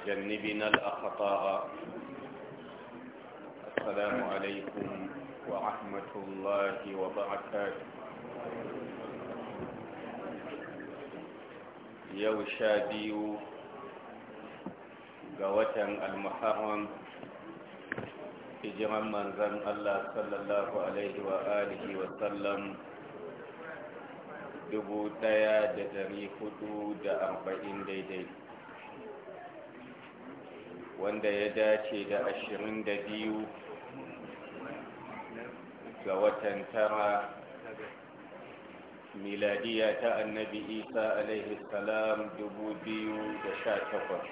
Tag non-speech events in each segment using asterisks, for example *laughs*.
وجنبنا الأخطاء السلام عليكم ورحمة الله وبركاته yau sha biyu ga watan almuharram hijiran manzan Allah sallallahu alaihi wa alihi wa sallam dubu ɗaya da dari hudu da arba'in daidai wanda ya dace da ashirin da biyu ga watan tara miladiya ta annabi isa alaihi salam dubu biyu da sha takwas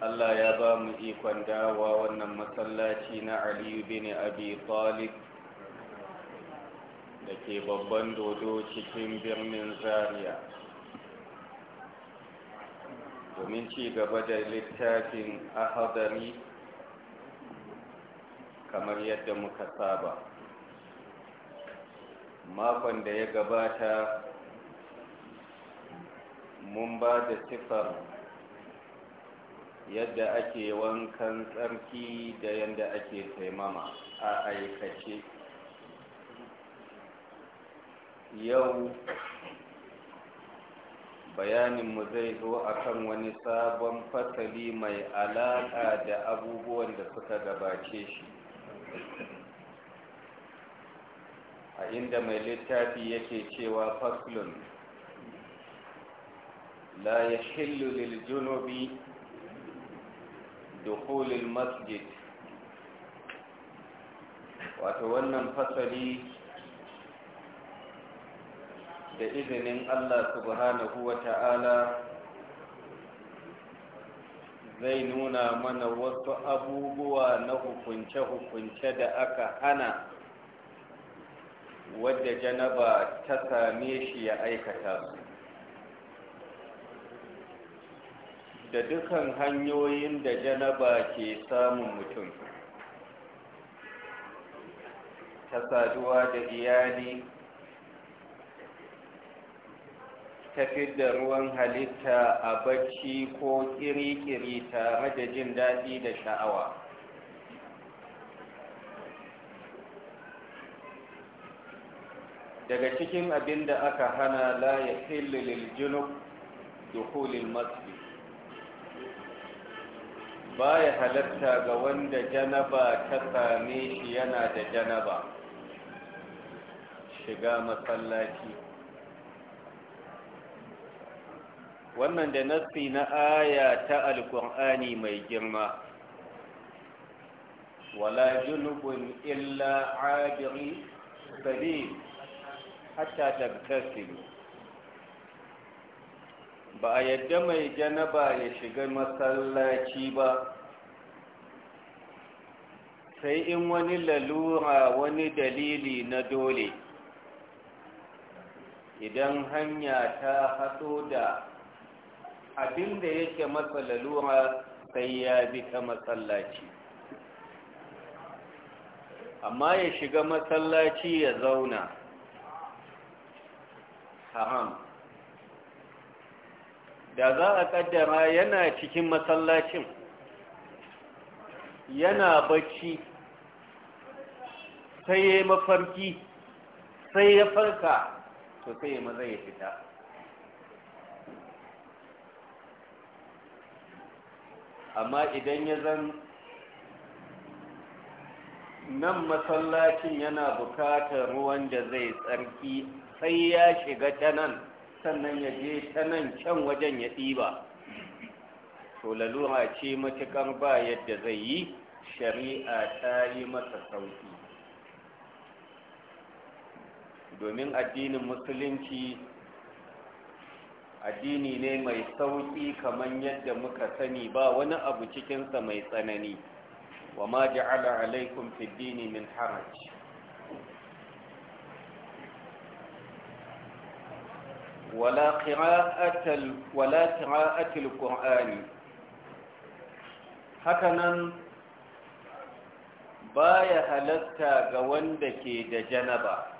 Allah ya ba mu ikon dawa wannan masallaci na Aliyu bin Abi Talib da ke babban dodo cikin birnin Zaria. domin ci gaba da littafin ahadari kamar yadda muka saba makon da ya gabata mun ba da sifar yadda ake wankan tsarki da yadda ake taimama a aikace yau bayaninmu zai zo akan wani sabon fasali mai alaƙa da abubuwan da suka gabace shi a inda mai littafi yake cewa faslun la ya shillu lil junubi dukulil masjid wato wannan fasali da izinin Allah subhanahu wa ta'ala zai nuna mana wasu abubuwa na hukunce-hukunce da aka hana wadda janaba ta same shi ya aikata su da dukan hanyoyin da janaba ke samun mutum ta saduwa da iyali tafi da ruwan halitta a bacci ko kiri-kiri tare da jin daɗi da sha'awa daga cikin abin da aka hana la ya lil junub dukulin masjid ba ya halatta ga wanda janaba ta same shi yana da janaba shiga masallaci wannan da nassi na aya ta alkur'ani mai girma wala junubun illa abiri sabil hatta tabtasilu ba a yadda mai janaba ya shiga masallaci ba sai in wani lalura wani dalili na dole idan hanya ta haɗo da Abin da yake masa lalura sai ya bi ta masallaci amma ya shiga masallaci ya zauna haram da za a kaddara yana cikin masallacin yana bacci sai ya mafarki sai ya farka to sai ya maza ya fita amma idan ya zan nan masallacin yana bukatar ruwan da zai tsarki sai ya shiga ta nan sannan ya je ta nan can wajen ya ɗiba to lalura ce matuƙar ba yadda zai yi shari'a ta yi masa sauƙi domin addinin musulunci addini ne mai sauƙi kaman yadda muka sani ba wani abu cikinsa mai tsanani wa ma ja'ala alaikum dini min haraj wala qira'atul wala qira'atul qur'ani hakanan baya halatta ga wanda ke da janaba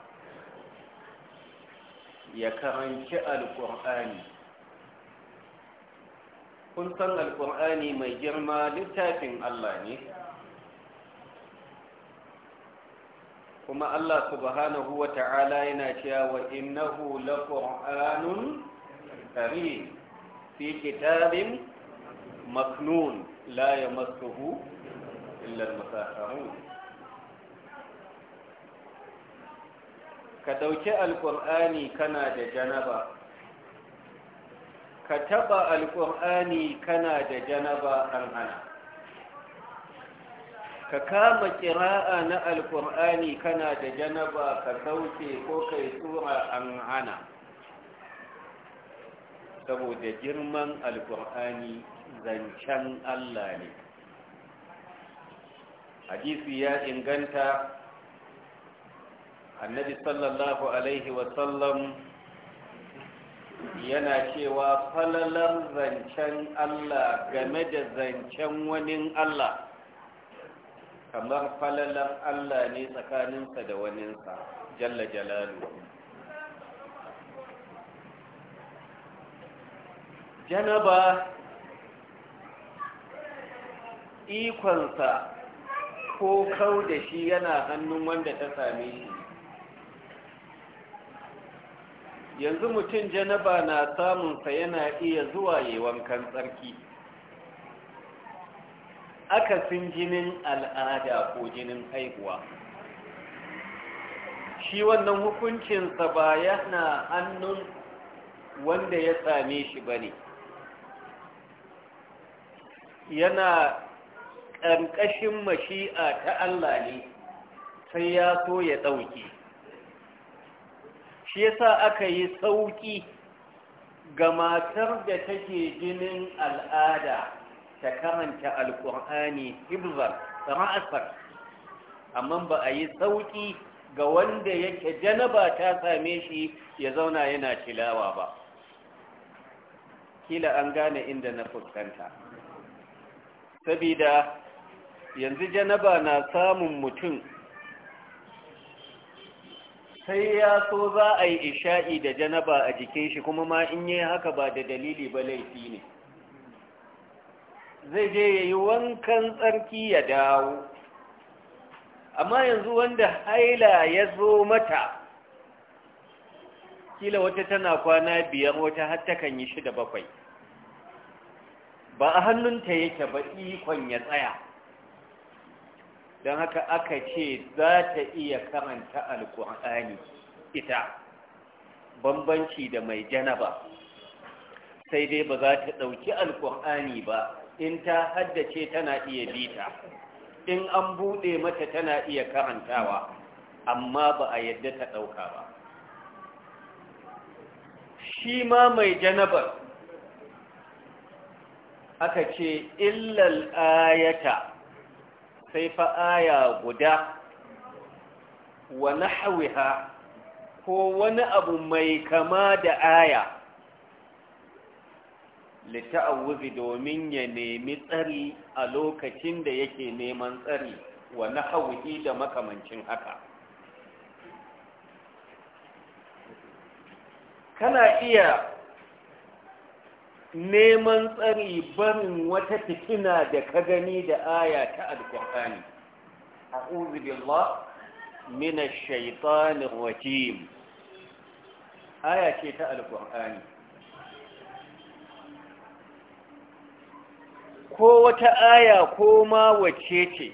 ya karanci alƙur'ani kun san alƙur'ani mai girma littafin Allah ne kuma Allah subhanahu wa ta'ala yana cewa wa innahu laqur'anun karim fi kitabin maknun la yamassuhu illa al-mutahharun ka ɗauki alƙur'ani kana da janaba ka taɓa alƙur'ani kana da janaba an hana ka kama ƙira'a na alƙur'ani kana da janaba ka sauke ko kai tsura an hana saboda girman alƙur'ani zancen Allah ne hadisi ya inganta annabi sallallahu alaihi wasallam yana cewa falalar zancen Allah game da zancen wani Allah kamar falalar Allah ne tsakaninsa da waninsa jalla jalalu janaba ikonsa ko kau da shi yana hannun wanda ta same shi yanzu mutum janaba na samun sa yana iya zuwa yi wankan tsarki Aka sun jinin al'ada ko jinin haihuwa shi wannan hukuncinsa ba yana hannun wanda ya same shi ba ne yana ƙarƙashin mashi'a ta Allah ne sai ya so ya ɗauke shi yasa aka yi sauƙi ga matar da take jinin al'ada ta karanta alƙur'ani hibzar ra'asar amma ba a yi sauƙi ga wanda yake janaba ta same shi ya zauna yana tilawa ba kila an gane inda na fuskanta sabida yanzu janaba na samun mutum sai ya so za a yi isha'i da janaba a jikin shi kuma ma in yi haka ba da dalili ba laifi ne zai je ya yi wankan tsarki ya dawo amma yanzu wanda haila ya zo mata kila wata tana kwana biyan wata har takan yi shida bakwai ba a hannunta yake ba ikon ya tsaya don haka aka ce za ta iya karanta alkur'ani ita bambanci da mai janaba sai dai ba za ta ɗauki alkur'ani ba in ta haddace tana iya bita in an buɗe mata tana iya karantawa amma ba a yadda ta ɗauka ba shi ma mai janabar aka ce illal ayata sai fa aya guda wa nahwiha ko wani abu mai kama da aya lita'awuzi domin ya nemi tsari a lokacin da yake neman tsari wa nahwihi da makamancin haka kana iya neman tsari barin wata fitina da ka gani da aya ta alkur'ani a'udhu billah minash shaitanir rajim aya ce ta alkur'ani ko wata aya ko ma wace ce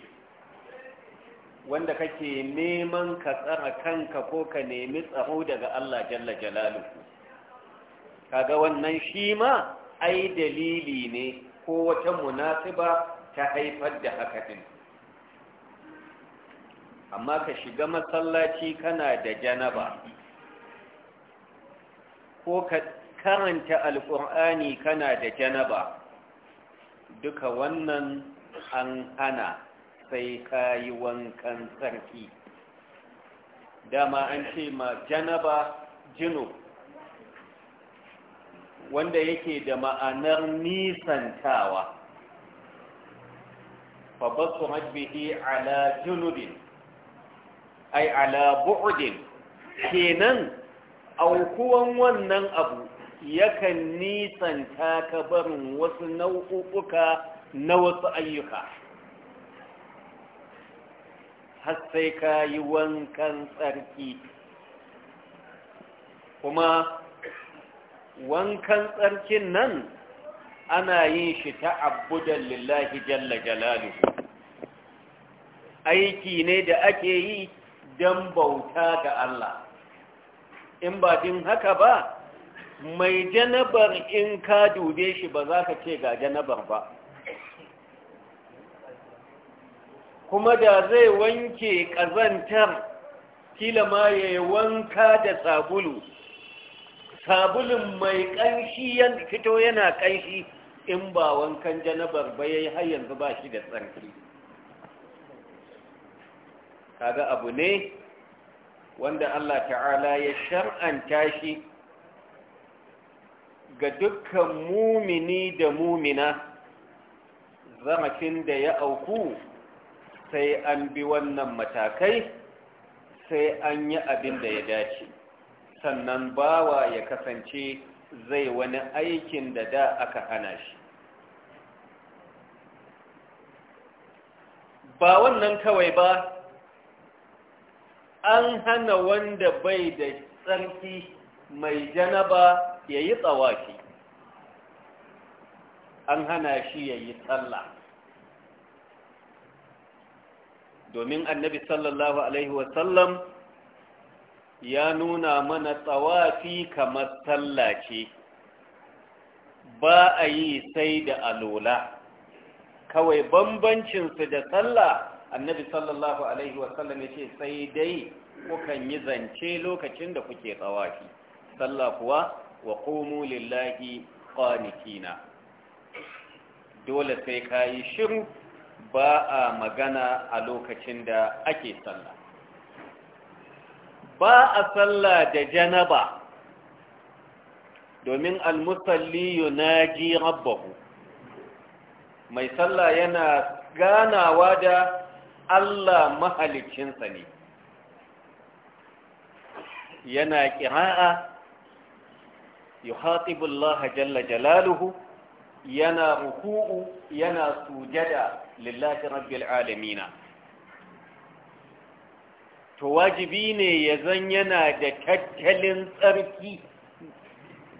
wanda kake neman ka tsara kanka ko ka nemi tsaro daga Allah jalla jalaluhu kaga wannan shi ma ai dalili ne ko wata munasiba ta haifar da haka din amma ka shiga masallaci kana da janaba ko ka karanta alƙur'ani kana da janaba duka wannan an hana sai ka yi wankan sarki dama an ce ma janaba jinu wanda yake da ma'anar nisantawa fabasu hajjihi ala junubin ai ala bu'udin kenan aukuwan wannan abu yakan nisanta ka barin wasu nau'uka na wasu ayyuka har sai ka yi wankan tsarki kuma wankan tsarkin nan ana yin shi ta abudan lillahi jalla jalali aiki ne da ake yi don bauta ga Allah in ba din haka ba mai janabar in ka dube shi ba za ka ce ga janabar ba kuma da zai wanke ƙazantar kila ma ya wanka da sabulu sabulin mai ƙanshi fito yana ƙanshi in ba wankan janabar ba yayi har yanzu ba shi da tsarki kaga abu ne wanda Allah ta'ala ya shar'anta shi ga dukkan mumini da mumina zamacin da ya auku sai an bi wannan matakai sai an yi abin da ya dace sannan bawa ya kasance zai wani aikin da da aka hana shi ba wannan kawai ba an hana wanda bai da tsarki mai janaba ya yi tsawaki an hana shi ya yi tsalla domin annabi sallallahu alaihi wasallam ya nuna mana tsawafi kamar tallace ba a yi sai da alola kawai bambancinsu da sallah annabi sallallahu alaihi wasallam ya ce sai dai kukan yi zance lokacin da kuke tsawafi sallah kuwa wa ƙomo lillahi kwanikina dole sai ka yi shiru ba a magana a lokacin da ake sallah ba a sallah da janaba domin almusalli yunaji rabbahu mai sallah yana ganawa da Allah mahalicinsa ne yana ƙira'a yuhatibu Allah jalla jalaluhu yana ruku'u yana sujada lillahi rabbil alamina to wajibi ne ya zan yana da tattalin tsarki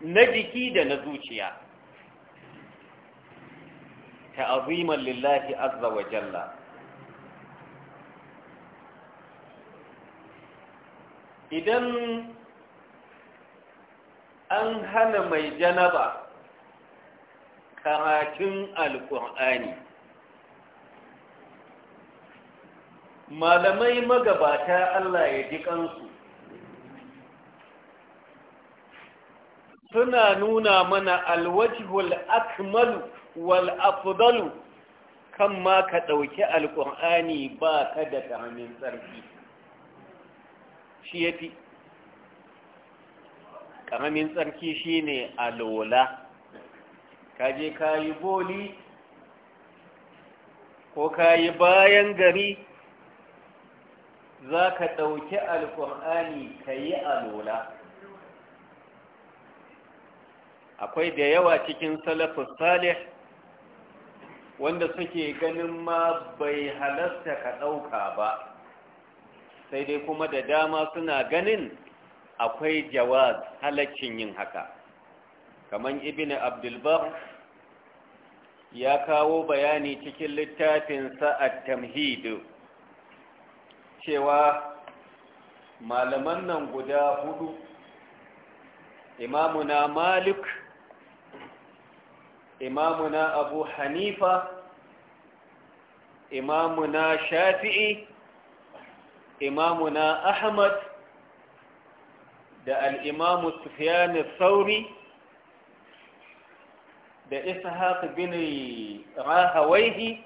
na jiki da na zuciya aziman lillahi azza wa jalla idan an hana mai janaba karatun alkur'ani malamai magabata Allah ya ji kansu suna nuna mana alwajhul Akmal wal afdalu kan ma ka ɗauki alqur'ani ba ka da ƙaramin tsarki shi ya fi tsarki shi ne alola ka je ka yi boli ko ka yi bayan gari za ka ɗauki alƙur'ani ka yi alola akwai da yawa cikin salafus salih wanda suke ganin ma bai halasta ka ɗauka ba sai dai kuma da dama suna ganin akwai jawaz halaccin yin haka kamar ibn abdulbar ya kawo bayani cikin littafinsa a tamhidu cewa malaman nan guda hudu imamuna malik imamuna abu hanifa imamuna shafi'i imamuna ahmad da al'imamu sufiyanu sauri da ishaq bin rahawaihi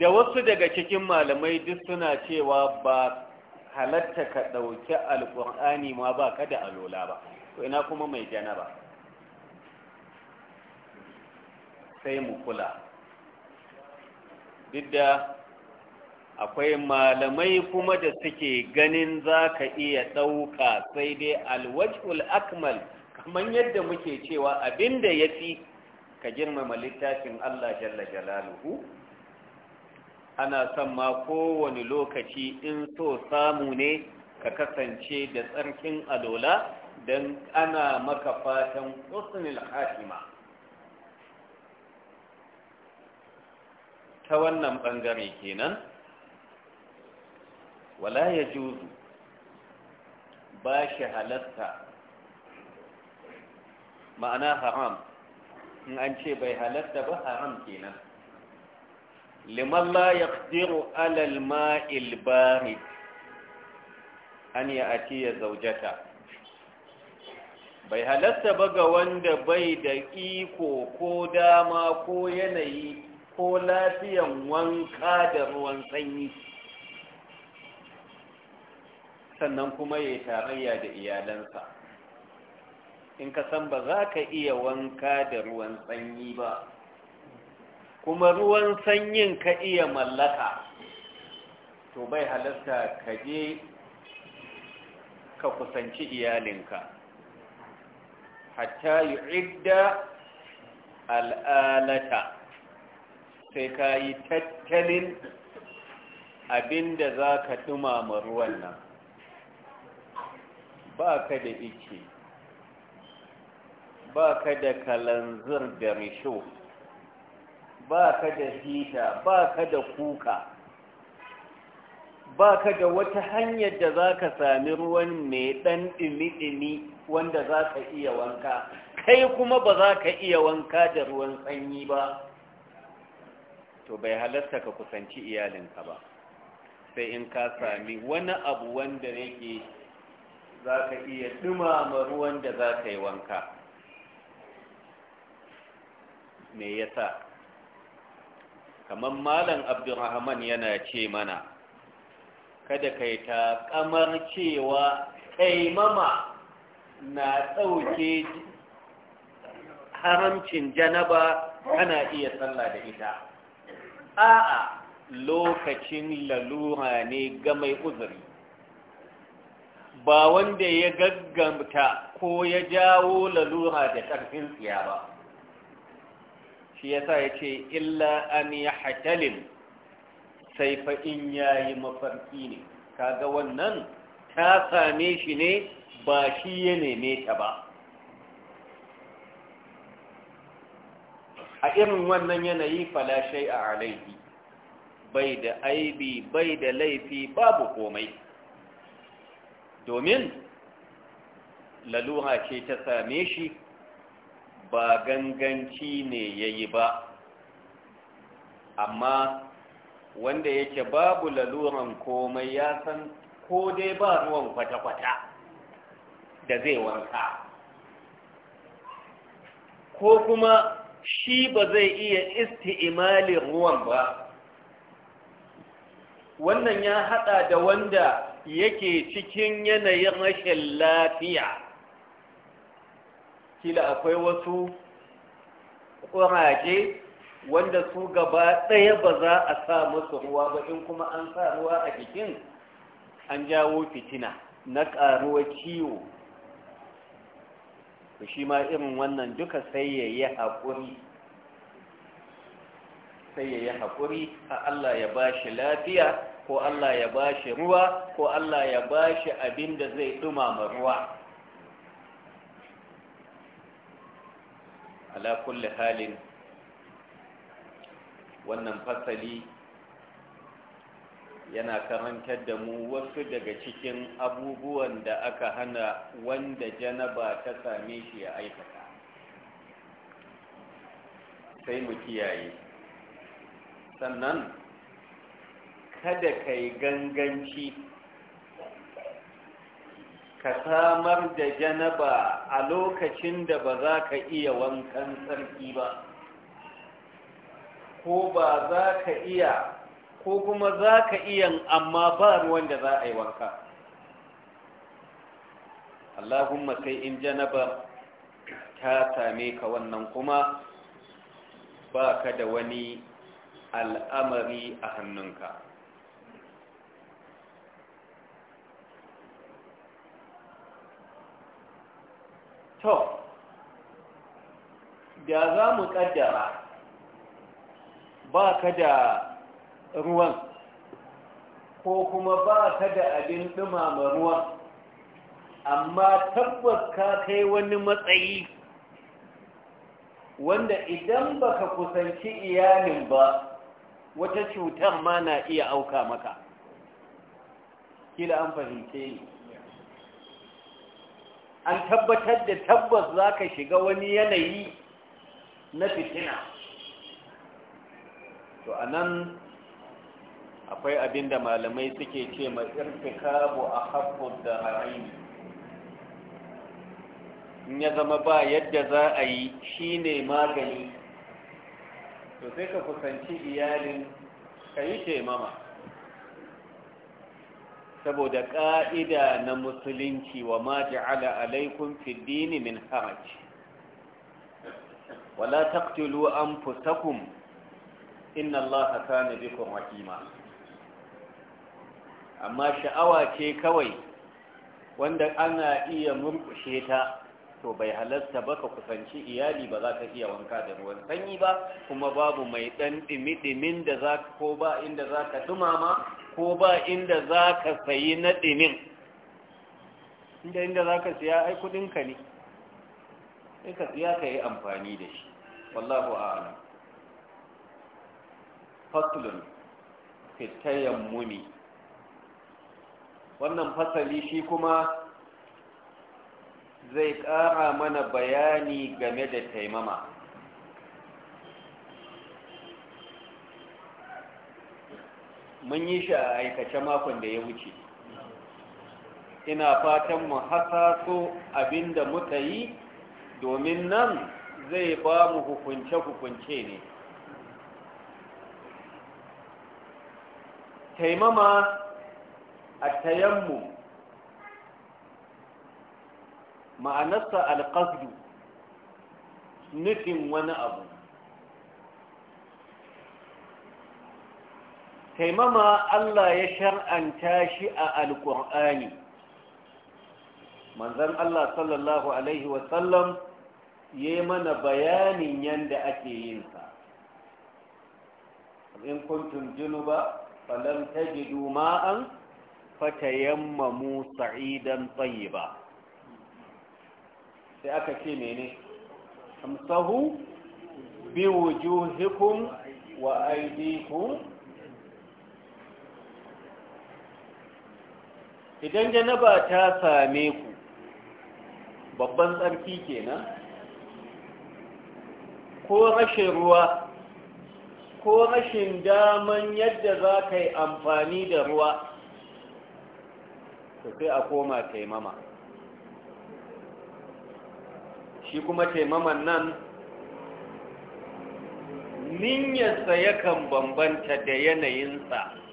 da wasu daga cikin malamai duk suna cewa ba halatta ka ɗauki alƙur'ani ma ba ka da alola ba to ina kuma mai ba sai mu kula duk da akwai malamai kuma da suke ganin za ka iya ɗauka sai dai alwajul akmal kamar yadda muke cewa abinda ya fi ka girmama littafin Allah jalla jalaluhu ana son ma kowane lokaci in so samu ne ka kasance da tsarkin alola don ana maka fatan husnul hatima ta wannan bangare kenan wala ya juzu ba shi halatta ma'ana haram in an ce bai halatta ba haram kenan liman la yaqdiru ala ilbari mail barid an ya zaujata. bai halatta ba ga wanda bai da iko ko dama ko yanayi ko lafiyan wanka da ruwan sanyi sannan kuma ya tarayya da iyalansa in ka san ba za ka iya wanka da ruwan sanyi ba kuma ruwan sanyin ka iya mallaka to bai halarta ka je ka kusanci iyalinka hatta idda al'alata sai ka yi tattalin abinda za ka dumama ruwan nan ba ka da ike ba ka da kalanzir da risho ba ka da hita ba ka da kuka ba ka da wata hanyar da za ka sami ruwan mai ɗan ɗimi-ɗimi wanda za ka iya wanka kai kuma ba za ka iya wanka da ruwan sanyi ba to bai halatta ka kusanci iyalinka ba sai in ka sami wani abu wanda yake za ka iya ɗumama ruwan da za ka yi wanka me yasa kamar malam abdurrahman yana ce mana kada kai ta kamar cewa kaimama na tsauke haramcin janaba kana iya tsalla da ita a'a lokacin lalura ne ga mai uzuri ba wanda ya gaggamta ko ya jawo lalura da ƙarfin tsiya ba shi yasa ya ce illa an ya hatalin sai fa in yi mafarki ne ga wannan ta same shi ne ba shi ya neme ta ba a irin wannan yanayi falashai a alaihi bai da aibi bai da laifi babu komai domin laluha ce ta same shi ba ganganci ne ya yi ba amma wanda yake babu laluran komai ya san ko dai ba ruwan kwata-kwata da zai wanka ko kuma shi ba zai iya isti'imali ruwan ba wannan ya hada da wanda yake cikin yanayin rashin lafiya kila akwai wasu ƙuraje wanda su gaba ɗaya ba za a sa musu ruwa ba in kuma an sa ruwa a jikin an jawo fitina na ƙaruwa ciwo shi ma irin wannan duka sai ya yi haƙuri haƙuri a Allah ya ba shi lafiya ko Allah ya ba shi ruwa ko Allah ya ba shi abin da zai ɗumama ruwa ala kulli halin wannan fasali yana karantar da mu wasu daga cikin abubuwan da aka hana wanda janaba ta same shi ya aikata sai mu kiyaye sannan kada ka yi ganganci ka samar da janaba a lokacin da ba za ka iya wankan tsarki ba ko ba za ka iya ko kuma za ka iya amma ba ruwan da za a yi wanka allahumma sai in janaba ta same ka wannan kuma ba ka da wani al'amari a hannunka to da za mu kaddara ba ka da ruwan ko kuma ba ka da abin dumama ruwan amma tabbas ka kai wani matsayi wanda idan baka kusanci iyalin ba wata cutar ma na iya auka maka kila an fahimce ni an tabbatar da tabbas za ka shiga wani yanayi na fitina to a nan akwai abin da malamai suke ce ma irtikabu a haƙƙun da ra'ayi in ya zama ba yadda za a yi shi ne magani to sai ka kusanci iyalin ka yi ce mama saboda ƙa'ida na musulunci wa ma ja'ala alaikum fid dini min haraj wala taqtulu anfusakum inna kana bikum rahima amma sha'awa ce kawai wanda ana iya murkushe ta to bai halarta ba ka kusanci iyali ba za ka iya wanka da ruwan sanyi ba kuma babu mai ɗan ɗimi-ɗimin da za ko ba inda za ka dumama ko ba inda za ka sayi naɗinin inda inda za ka siya ai kudinka ne sai ka siya ka yi amfani da shi wallahu a'lam faslun fitayen muni. wannan fasali shi kuma zai ƙara mana bayani game da taimama mun yi shi a aikace makon da ya wuce ina fatan mu hasaso abinda muka yi domin nan zai ba mu hukunce-hukunce ne taimama a tayanmu ma'anarsa alƙasdu nufin wani abu taimama Allah ya shar'anta shi a alƙur'ani manzan Allah sallallahu Alaihi wasallam ya yi mana bayanin yadda ake yinsa in kuntum junuba falam tajidu ma'an fatayammamu sa'idan tayyiba sai aka ce mene amsahu bi wujuhikum wa aydikum idan janaba ta same ku babban tsarki kenan ko rashin ruwa ko rashin daman yadda za ka yi amfani da ruwa to sai a koma taimama shi kuma taimaman nan niyyarsa yakan bambanta da yanayinsa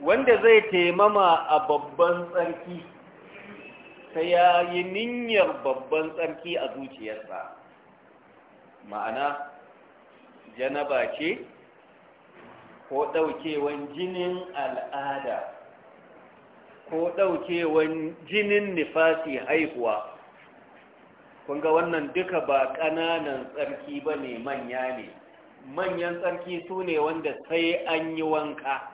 wanda zai taimama a babban tsarki ta yayi yi niyyar babban tsarki a zuciyarsa ma'ana janaba ce ko ɗaukewan jinin al'ada ko ɗaukewan jinin nifasi haihuwa kun ga wannan duka ba ƙananan tsarki ba ne manya ne manyan tsarki su ne wanda sai an yi wanka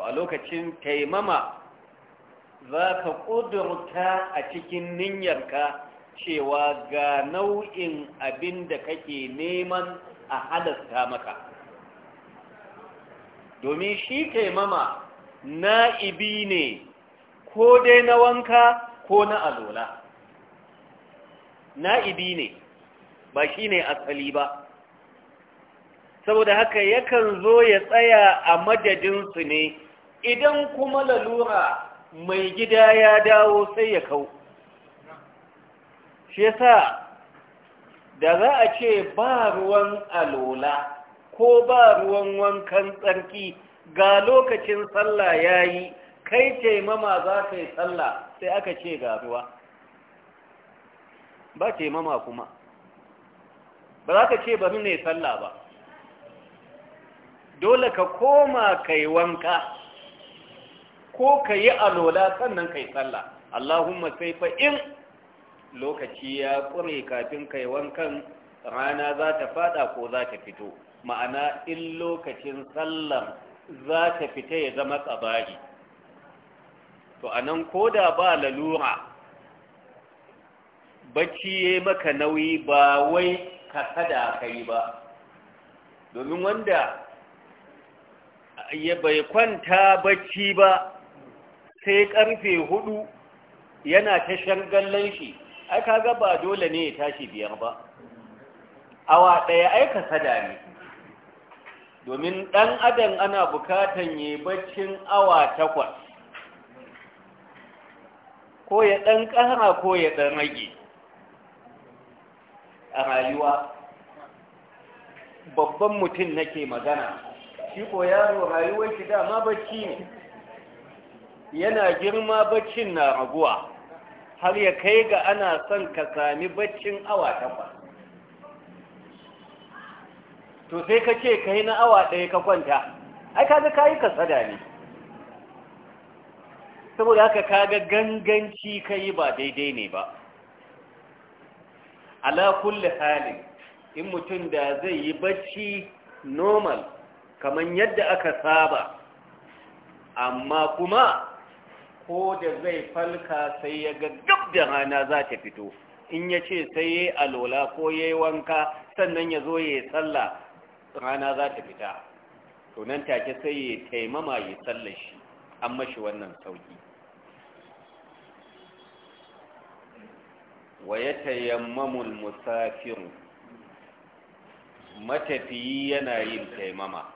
to a lokacin taimama za ka ƙudurta a cikin niyyarka cewa ga nau'in abin da kake neman a halasta maka domin shi taimama na'ibi ne ko dai na wanka ko na alola na'ibi ne ba shi ne asali ba saboda haka yakan zo ya tsaya a madadinsu ne idan kuma lalura mai gida ya dawo sai ya kau shi yasa da za a ce ba ruwan alola ko ba ruwan wankan tsarki ga lokacin sallah ya yi kai taimama za ka yi sallah sai aka ce ga ruwa ba taimama kuma ba za ka ce bari ne sallah ba dole ka koma kai wanka ko ka yi alola sannan ka yi sallah Allahumma sai fa in lokaci ya ƙure kafin kai wankan rana za ta fada ko za ta fito ma'ana in lokacin sallar za ta fita ya zama tsabari to a nan ko da ba lalura bacci ya maka nauyi ba wai ka kada ka yi ba domin wanda ya bai kwanta bacci ba sai karfe hudu yana ta shangallon shi ai kaga ba dole ne ya tashi biyar ba awa ɗaya aika sada ne domin ɗan adam ana bukatan yi baccin awa takwas ko ya ɗan ƙara ko ya ɗan rage a rayuwa babban mutum nake magana shi ko yaro rayuwar shi dama bacci ne yana girma baccin na raguwa har ya kai ga ana son ka sami baccin awa takwas to sai ka ce ka yi na awa ɗaya ka kwanta ai ka kaga ka yi kasada ne saboda haka ka ga ganganci ka yi ba daidai ne ba ala kulli halin in mutum da zai yi bacci normal kamar yadda aka saba amma kuma ko da zai falka sai ya ga duk da rana za ta fito in ya ce sai ya yi alola ko ya yi wanka sannan ya zo ya yi tsalla rana za ta fita tunan take sai ya taimama ya tsalla shi an mashi wannan sauki wa ya tayammamul musafiru matafiyi yana yin taimama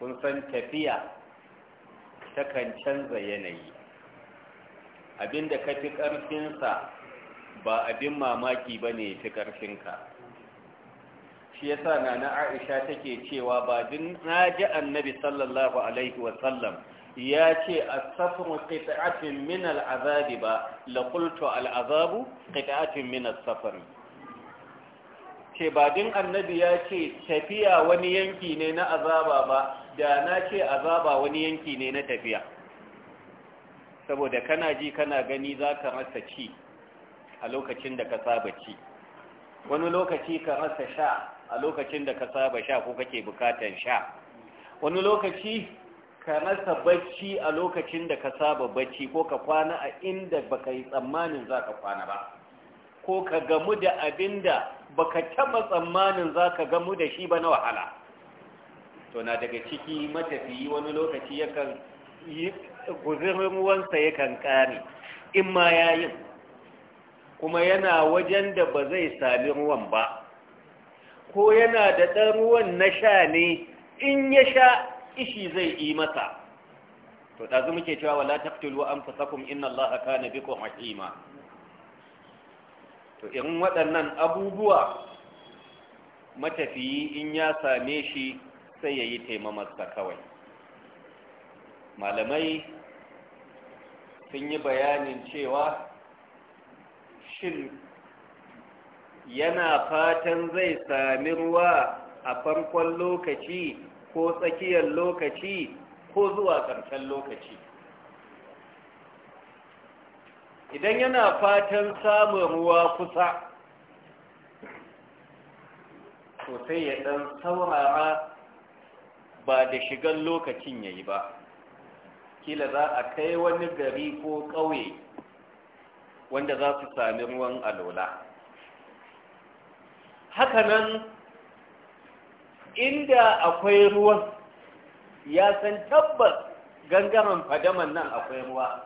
kun san tafiya takan canza yanayi abinda ka fi ƙarfinsa ba abin mamaki ba ne fi ƙarfinka shi yasa na na aisha take cewa ba din na ji annabi sallallahu alaihi wasallam ya ce a safin ƙita'atin min al'azabi ba laƙulto al'azabu ƙita'atin min al'asafari ce ba din annabi ya ce tafiya wani yanki ne na azaba ba da na ce azaba wani yanki ne na tafiya saboda kana ji kana gani za ka rasa ci a lokacin da ka saba ci wani lokaci ka rasa sha a lokacin da ka saba sha ko kake bukatan sha wani lokaci ka rasa bacci a lokacin da ka saba bacci ko ka kwana a inda baka yi tsammanin za ka kwana ba ko ka gamu da abinda ba baka taba tsammanin za ka gamu da shi ba na wahala to na daga ciki matafiyi wani lokaci yakan guzurin ruwansa yakan kare in ma yayin kuma yana wajen da ba zai sami ruwan ba ko yana da ɗan ruwan na sha ne in ya sha ishi zai yi masa to ɗazu muke cewa wala an fi anfusakum inna haka na biko hakima to irin waɗannan abubuwa matafiyi in ya same shi sai ya yi taimamasta kawai malamai sun yi bayanin cewa shin yana fatan zai sami ruwa a farkon lokaci ko tsakiyar lokaci ko zuwa ƙarshen lokaci idan yana fatan samun ruwa kusa sosai ya ɗan saurara ba da shigan lokacin ya yi ba kila za a kai wani gari ko ƙauye wanda za su sami ruwan alola hakanan inda akwai ruwa, ya san tabbas gangaren fadaman nan akwai ruwa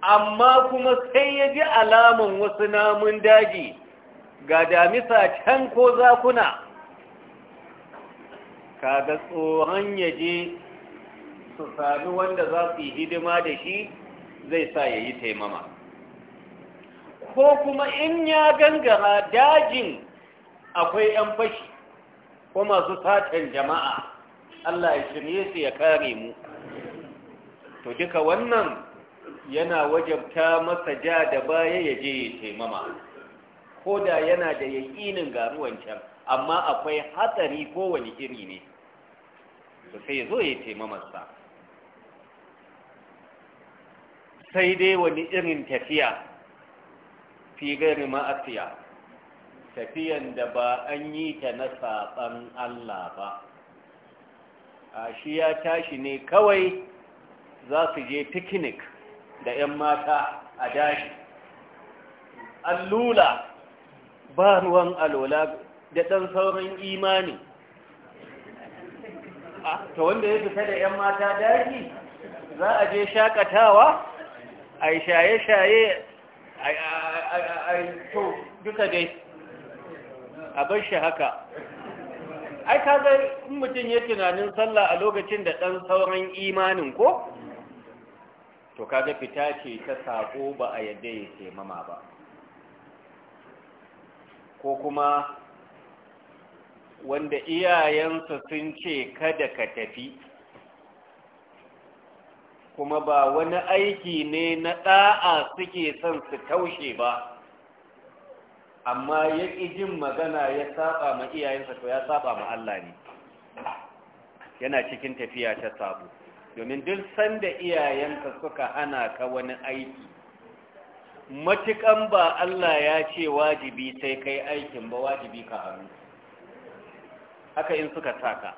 amma kuma sai ya ji alamun wasu namun daji ga damisa can ko zakuna kaga tsoron ya je su sami wanda za su yi hidima da shi zai sa ya yi taimama ko kuma in ya gangara dajin akwai 'yan fashi ko masu satan jama'a Allah ya shirye su ya kare mu to duka wannan yana wajabta masa ja da baya ya je ya taimama ko da yana da yaƙinin garuwan can amma akwai hatsari kowane iri ne to sai ya zo ya sai dai wani irin tafiya fi gari ma'asiya tafiyan da ba an yi ta na saɓan Allah ba a shi ya tashi ne kawai za su je picnic da 'yan mata a dashi allula ba ruwan alola da ɗan sauran imani To wanda ya fita da 'yan mata daji za a je shakatawa a yi shaye-shaye a to duka dai a bar shi haka ai kaga in mutum ya tunanin sallah a lokacin da ɗan sauran imanin ko to kaga fita ce ta sako ba a yadda ya mama ba ko kuma wanda iyayensa sun ce kada ka tafi kuma ba wani aiki ne na ɗa'a suke son su taushe ba amma ya ƙijin magana ya saba ma iyayensa to ya saba ma Allah ne yana cikin tafiya ta sabo domin duk sanda iyayensa suka hana ka wani aiki matukan ba Allah ya ce wajibi sai kai aikin ba wajibi ka hannu haka in suka saka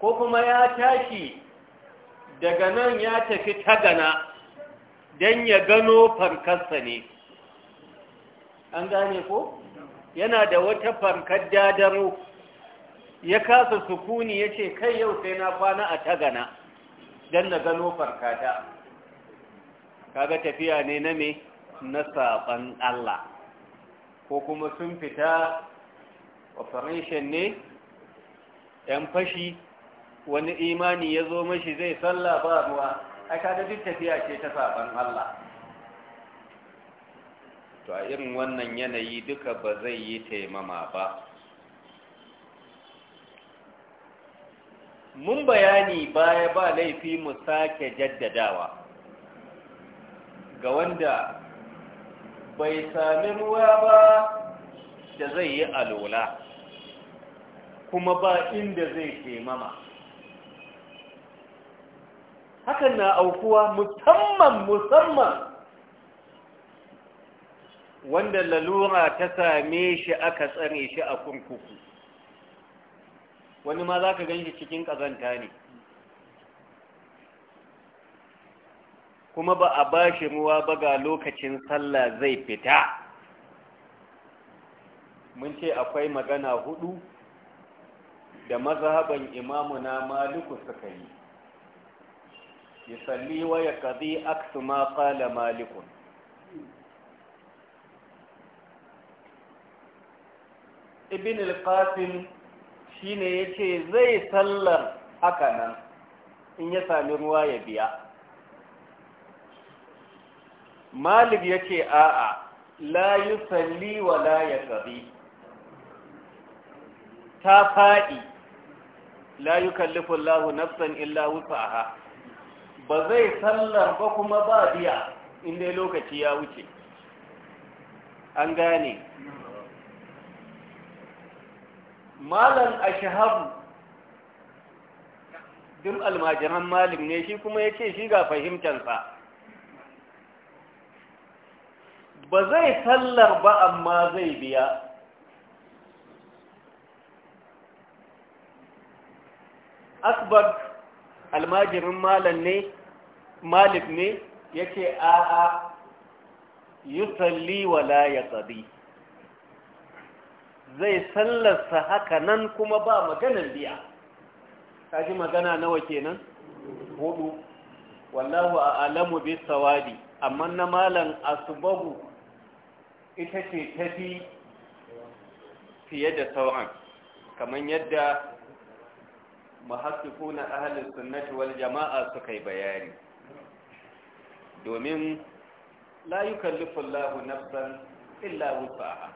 ko kuma ya tashi daga nan ya tafi tagana don ya gano farkarsa ne an gane ko yana da wata farkar dadaro ya kasa sukuni ya ce kai yau sai na kwana a tagana don na gano farkata kaga tafiya ne na me na saban Allah ko kuma sun fita operation ne yan fashi wani imani ya zo mashi zai sallah ba ruwa a kada duk tafiya ce ta saban Allah to a irin wannan yanayi duka ba zai yi taimama ba mun bayani baya ba laifi mu sake jaddadawa ga wanda bai sami ruwa ba da zai yi alola kuma ba inda zai ke mama. hakan na aukuwa musamman musamman wanda lalura ta same shi aka tsare shi a kurkuku wani ma za ka ganshi cikin ƙazanta ne kuma ba a ba shi ruwa ba ga lokacin sallah zai fita mun ce akwai magana hudu da mazhaban imamuna maliku suka yi yusalli wa ya kazi aksu ma qala malikun ibn al-qasim shine yace zai sallar haka nan in ya sami ruwa ya biya malik yace a'a la yusalli wa la yaqdi ta faɗi la yukallifu Allahu nafsan illa wus'aha ba zai sallar ba kuma ba biya inda lokaci ya wuce an gane malam ashabu duk almajiran malim ne shi kuma ya ce shi ga fahimtansa ba zai sallar ba amma zai biya akbar almajirin malam ne malik ne yake a a yusalli wala ya tsadi zai sallarsa haka nan kuma ba maganan biya ta ji magana nawa kenan hudu wallahu a alamu bi sawadi amma na malam asubahu ita ce tafi fiye da sauran kamar yadda muhassifuna ahlus sunnati wal jama'a suka yi bayani domin la yukallifu Allahu nafsan illa wusaha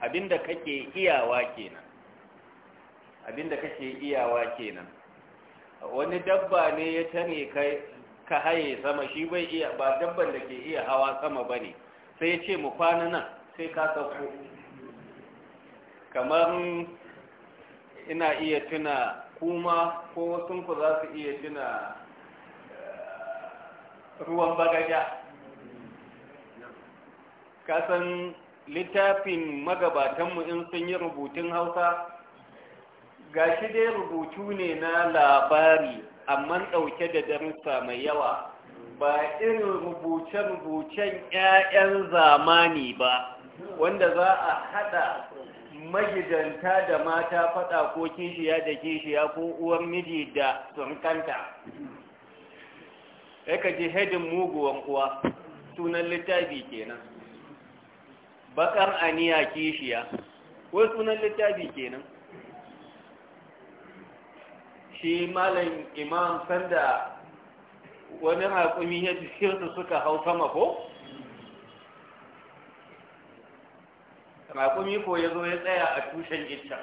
abinda kake iyawa kenan abinda kake iyawa kenan wani dabba ne ya tare kai ka haye sama shi bai iya ba dabban da ke iya hawa sama bane sai ya ce mu kwana nan sai ka sauko kamar ina iya tuna kuma ko wasu ku za su iya jina eh, ruwan bagaja kasan littafin magabatanmu in sun yi rubutun hausa ga shi dai rubutu ne na labari amma ɗauke da darussa mai yawa ba irin rubuce-rubucen 'ya'yan zamani ba wanda za a hada magidanta da mata faɗa ko kishiya da kishiya ko uwar miji da turkanta ka ji hedin muguwan uwa sunan littafi kenan bakar aniya kishiya ko sunan littafi kenan shi malam imam sanda wani haƙumi ya su suka hau sama ko raƙumi ko ya zo ya tsaya a tushen iccen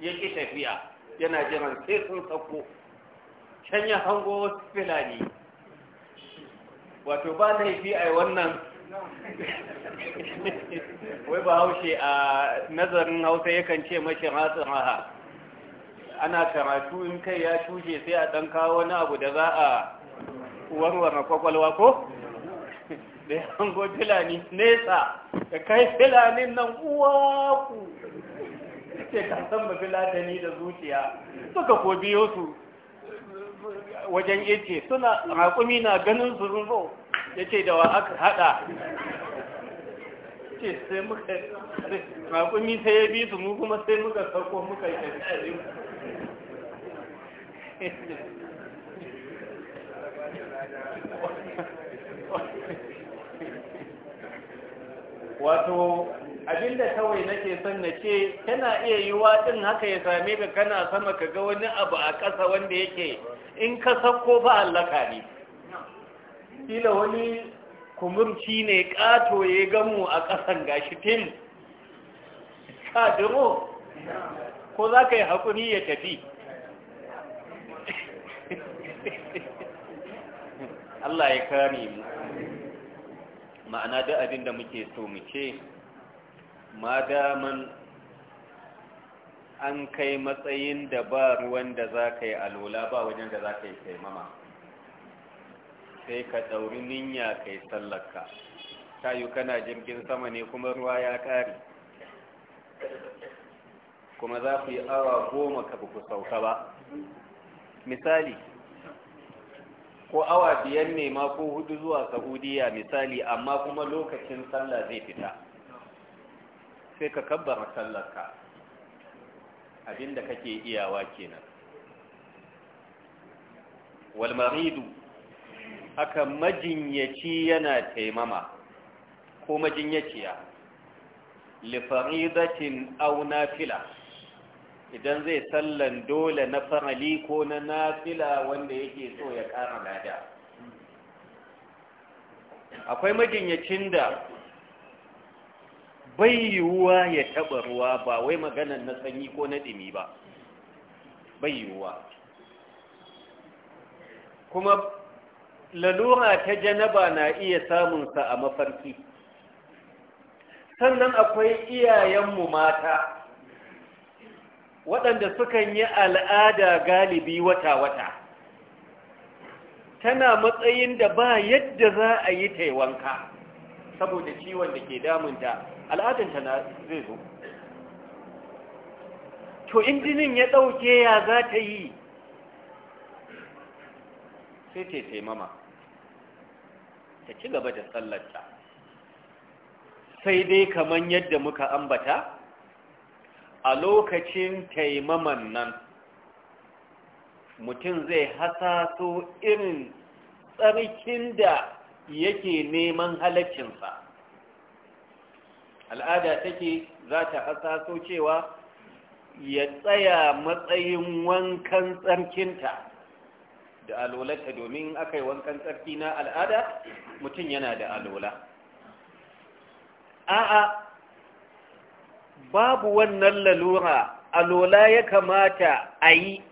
ya ƙi tafiya yana jiran sai sun sauko can ya hango wasu filani wato ba na yi a wannan wai ba haushe a nazarin hausa yakan ce mashi hatsin maha. ana karatu in kai ya tushe sai a ɗan kawo wani abu da za a warware kwakwalwa ko? da ya filani nesa da kai filanin nan uwa ku ce ka san ba filatani da zuciya suka ko biyo su wajen yace suna raƙumi na ganin su sun ya ce da wa aka haɗa ce sai muka raƙumi sai ya bi su mu kuma sai muka sauko muka yi tafiya Thank you. wato abinda kawai nake son na ce tana iya wa din haka ya same ka kana sama ka ga wani abu a ƙasa wanda yake in ka sako ba allaka ne kila wani kumurci ne ƙato ya gamu a ƙasan gashi tim ka ko za ka yi haƙuri ya tafi *laughs* Allah ya kare mu ma'ana da abin da muke so mu ce madaman an kai matsayin da ba ruwan da za ka yi alola ba wajen da za ka yi taimama sai ka ɗauri ninya kai sallaka. tsallaka ta yi kana jirgin sama ne kuma ruwa ya ƙari kuma za ku yi awa goma ka ku sauka ba misali ko awa biyar ne ma ko hudu zuwa saudiya misali amma kuma lokacin sallah zai fita sai ka kabbara sallarka abinda kake iyawa kenan walmaridu aka majinyaci yana taimama ko majinyaciya lifaridatin auna fila idan zai sallan dole na farali ko na nafila wanda yake so ya ƙara lada akwai majinyacin da bai yiwuwa ya taɓa ruwa ba wai maganan na sanyi ko na ɗimi ba bai yiwuwa kuma lalura ta janaba na iya samunsa a mafarki sannan akwai iyayenmu mata waɗanda sukan yi al'ada galibi wata-wata tana matsayin da ba yadda za a yi taiwanka saboda ciwon da ke damunta al'adanta na zai zo to injinin ya ɗauke ya za ta yi sai ta taimama ta ci gaba da tsallarta sai dai kamar yadda muka ambata a lokacin taimaman nan mutum zai hasaso irin tsarkin da yake neman halaccinsa al'ada take za ta hasaso cewa ya tsaya matsayin wankan tsarkinta da alolata domin aka yi wankan tsarki na al'ada mutum yana da alola a'a babu wannan lalura alola ya kamata a yi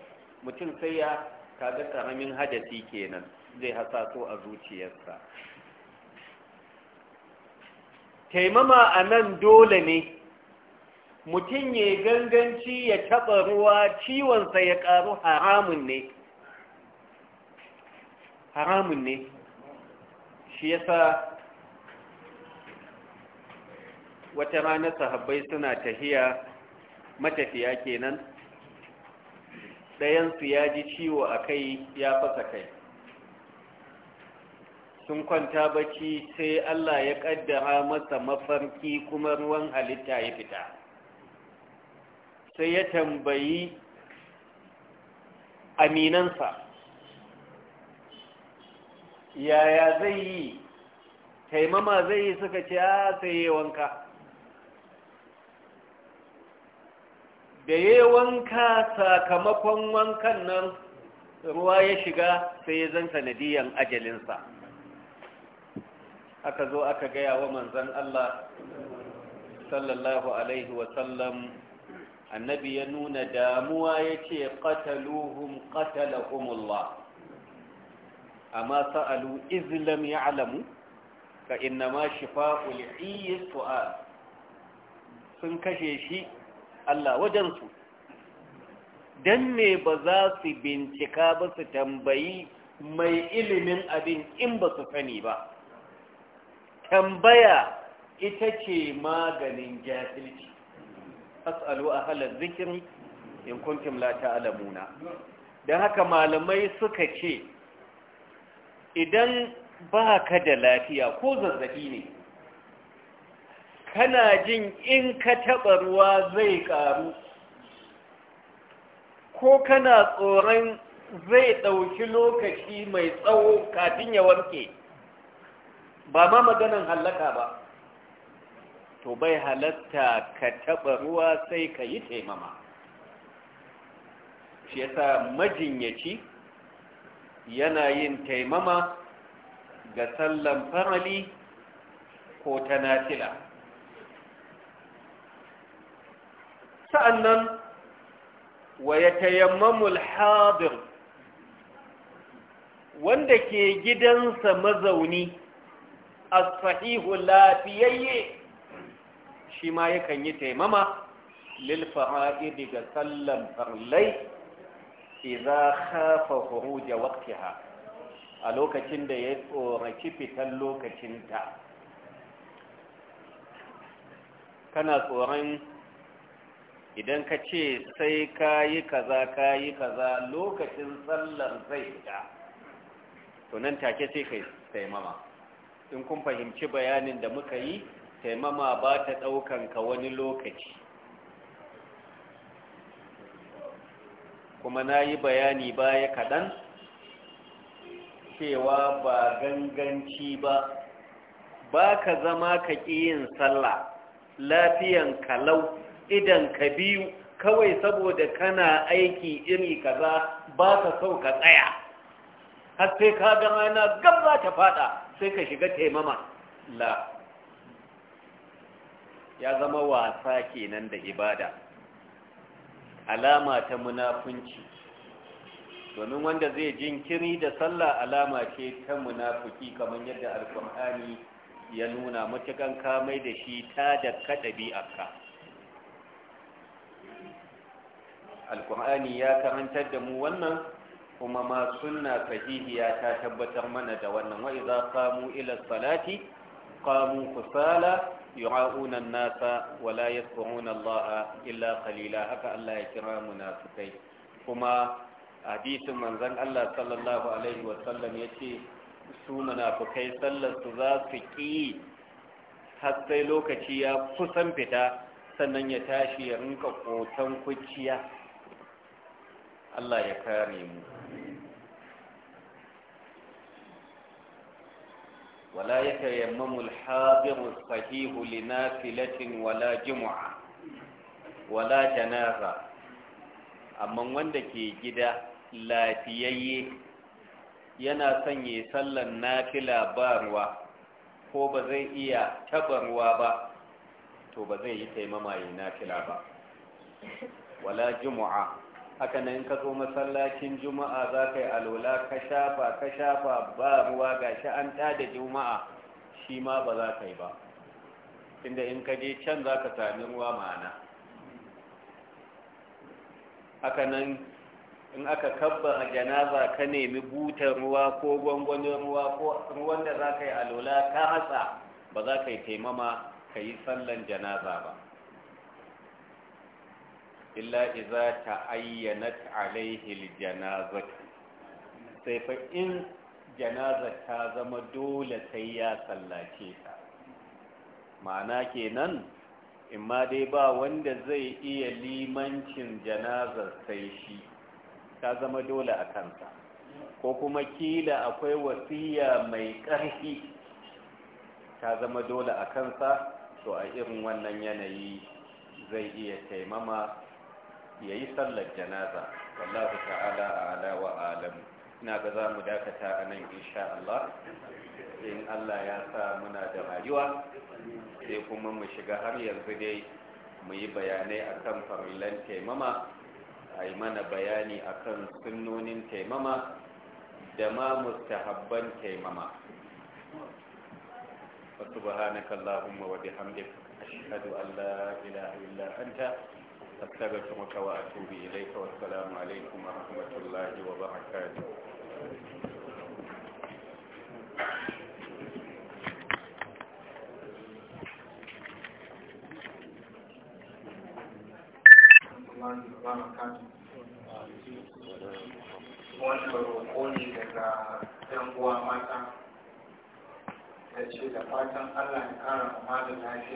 mutum sai ya kaga karamin hadasi kenan zai hasato a zuciyarsa taimama a nan dole ne mutum ya ganganci ya taɓa ruwa ciwonsa ya ƙaru haramun ne haramun ne shi yasa wata rana sahabbai suna tahiya matafiya kenan su ya ji ciwo a kai ya fasa kai sun kwanta bacci sai Allah ya ƙaddara masa mafarki kuma ruwan halitta ya fita sai ya tambayi aminansa yaya zai yi taimama zai yi suka ce a ah, sai yi wanka da ya wanka sakamakon wankan nan ruwa ya shiga sai ya zan sanadiyan ajalinsa aka zo aka gaya wa manzan Allah sallallahu alaihi wasallam annabi ya nuna damuwa ya ce ƙataluhun ƙatalahumullah amma sa'alu izlam ya alamu ka inna ma shifa'ul iya sun kashe shi Allah wajensu don ne ba za su bincika ba su tambayi mai ilimin abin in ba su sani ba tambaya ita ce maganin jahilci as'alu halar zikiri in kuntum la ta'lamuna don haka malamai suka ce idan ba ka da lafiya ko zazzabi ne kana jin in ka taɓa ruwa zai ƙaru ko kana tsoron zai ɗauki lokaci mai tsawo kafin ya warke ba ma maganin hallaka ba to bai halatta ka taɓa ruwa sai ka yi taimama shi yasa majinyaci yana yin taimama ga sallan farali ko ta nafila sa'annan wa ya tayammamul hadir wanda ke gidansa mazauni as-sahihu lafiyayye shi ma yakan yi taimama lil daga ga sallan farlai idza khafa khuruj waqtiha a lokacin da ya tsoraki fitan lokacinta kana tsoron idan ka ce sai ka yi kaza ka yi kaza lokacin tsallar zai fita to nan take sai ka yi taimama in kun fahimci bayanin da muka yi taimama ba ta ɗaukan ka wani lokaci kuma na yi bayani baya kaɗan cewa ba ganganci ba ba ka zama ka ƙi yin sallah lafiyan kalau idan ka biyu kawai saboda kana aiki iri kaza ba ka so ka tsaya har sai ka ga rana gab za ta fada sai ka shiga taimama la ya zama wasa kenan da ibada alama ta munafunci domin wanda zai jinkiri da sallah alama ce ta munafuki kamar yadda alkur'ani ya nuna matukan kamai da shi ta da ka aka alkur'ani ya karantar da mu wannan kuma ma sunna sahihiya ta tabbatar mana da wannan wa idza samu ila salati qamu kusala yura'una nasa wa la yadhkuruna Allah illa qalila haka Allah ya kira munafikai kuma hadisin manzon Allah sallallahu alaihi Wasallam ya yace su munafikai sallar su za su ki har sai lokaci ya kusan fita sannan ya tashi ya rinka kotan kuciya Allah ya kare mu wala yake yammul hadiru sahihu li nafilatin wala jumu'a wala janaza amma wanda ke gida lafiyayye yana sanye sallar nafila ba ruwa ko ba zai iya tabarwa ba to ba zai yi taimama yi nafila ba wala jumu'a haka nan ka zo masallacin juma'a za ka yi alola ka shafa ka shafa ba ruwa ga shi an da juma'a shi ma ba za ka yi ba inda in ka je can za ka sami ruwa ma'ana haka nan in aka kabba a janaza ka nemi butar ruwa ko gwangwanin ruwa ko ruwan da za ka yi alola ka hatsa ba za ka yi taimama ka yi sallan janaza ba illa iza ta alaihi aljanazatu sai fa in janazar ta zama dole sai ya sallace ta ma'ana kenan in ma dai ba wanda zai iya limancin janazar sai shi ta zama dole a kansa ko kuma kila akwai wasiya mai ƙarfi ta zama dole a kansa to a irin wannan yanayi zai iya taimama ya yi sallar janaza wallahu ta'ala ala wa alam ina ga za mu dakata a nan insha Allah in Allah ya sa muna da rayuwa sai kuma mu shiga har yanzu dai mu yi bayanai akan farilan taimama a yi mana bayani akan sunnonin taimama da ma mustahabban taimama wa subhanakallahumma wa bihamdika ashhadu an la ilaha illa anta اتبعتمك واتوب اليك والسلام عليكم ورحمه الله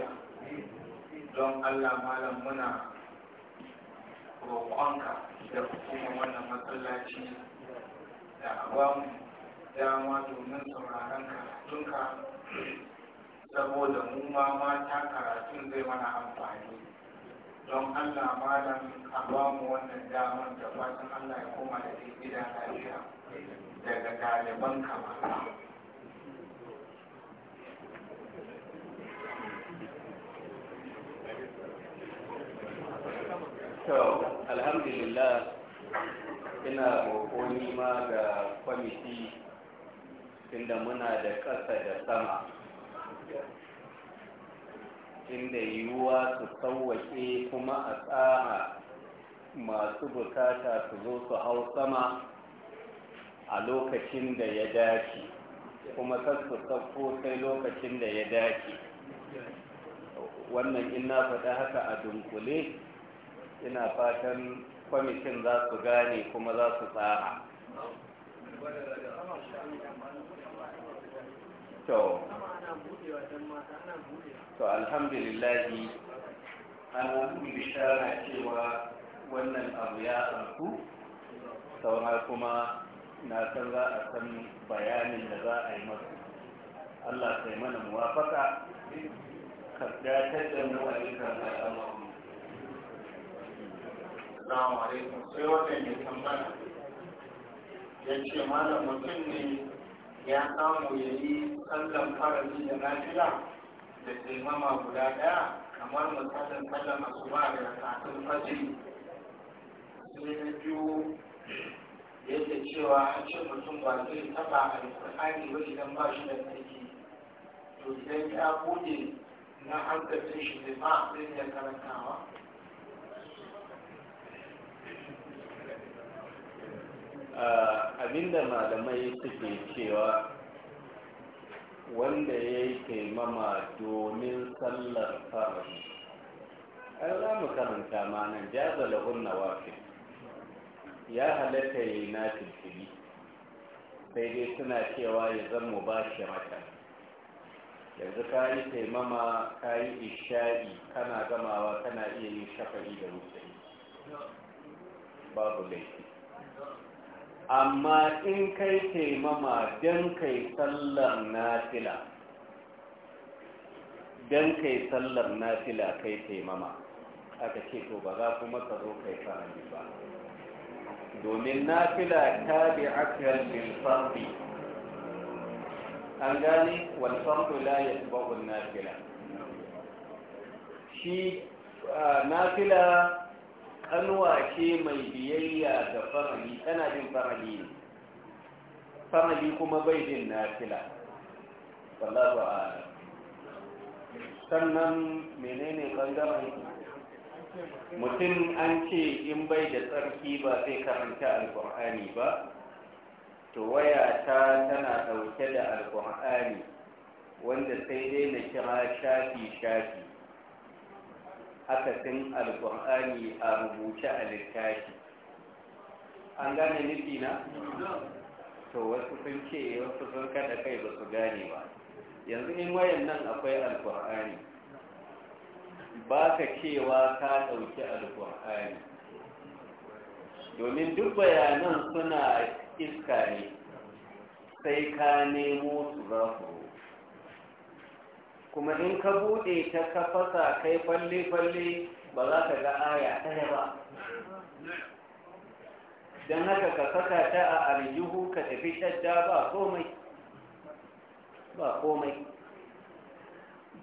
وبركاته don Allah malam muna roƙonka da kuma wannan matsalaci da abamu dama domin sauraron karatunka saboda mu ma mata karatun zai mana amfani don allah malam a bamu wannan damar da fatan allah ya koma da gida lafiya daga ɗaliban kamar to alhamdulillah ina roƙo ma ga kwamiti inda muna da ƙasa da sama inda yiwuwa su sauwaƙe kuma a tsara masu bukata su zo su hau sama a lokacin da ya dace kuma sassu sauko sai lokacin da ya dace wannan ina faɗa haka a dunkule ina fatan kwamitin za su gane kuma za su tsara to to alhamdulillahi ana bishara cewa wannan abu ya ɗauku saura kuma na san za a san bayanin da za a yi masu Allah sai mana muwafaka ka dakatar da mu a dukkan al'amari assalamu alaikum sai wannan ya tambaya ya ce malam mutum ne ya samu ya yi sallan farali da nafila da taimama guda ɗaya kamar misalin sallan asuba da rakatun fajiri sai na biyu yadda cewa an ce mutum ba zai taɓa alƙur'ani ba idan ba shi da tsaki to idan ya bude na hankalin shi ne ba zai iya karantawa Ah, abinda malamai suke cewa wanda ya yi taimama domin sallar farashi an za mu karanta manan jaza hunna nawafi ya halatta ya yi na fili. sai dai suna cewa ya zan ba shi mata yanzu ka yi taimama ka yi ishari kana gamawa kana iya yin shafari da wuce babu laifi amma in kai taimama don kai sallar nafila don kai sallar nafila kai taimama aka ce to ba za kuma ka zo kai farami ba domin nafila ta bi akiyar bilfarfi an gani walfarfi la ya nafila shi ah, nafila kanuwa mai biyayya da farali tana jin farali ne farali kuma bai jin nafila wallahu a'lam sannan menene bangaren mutum an ce in bai da tsarki ba sai karanta alkur'ani ba to waya ta tana dauke da alkur'ani wanda sai dai na kira shafi shafi akasin alkur'ani a rubuce a littafi an gane nufi na? to wasu sun ce wasu sun kada kai ba su gane ba yanzu in wayan nan akwai alkur'ani ba ka cewa ka ɗauki alkur'ani domin duk bayanan suna iska ne sai ka nemo su za su kuma in ka buɗe ta kafasa kai falle-falle ba za ka ga aya ɗaya ba don haka ka saka ta a arjihu ka tafi shadda ba komai ba komai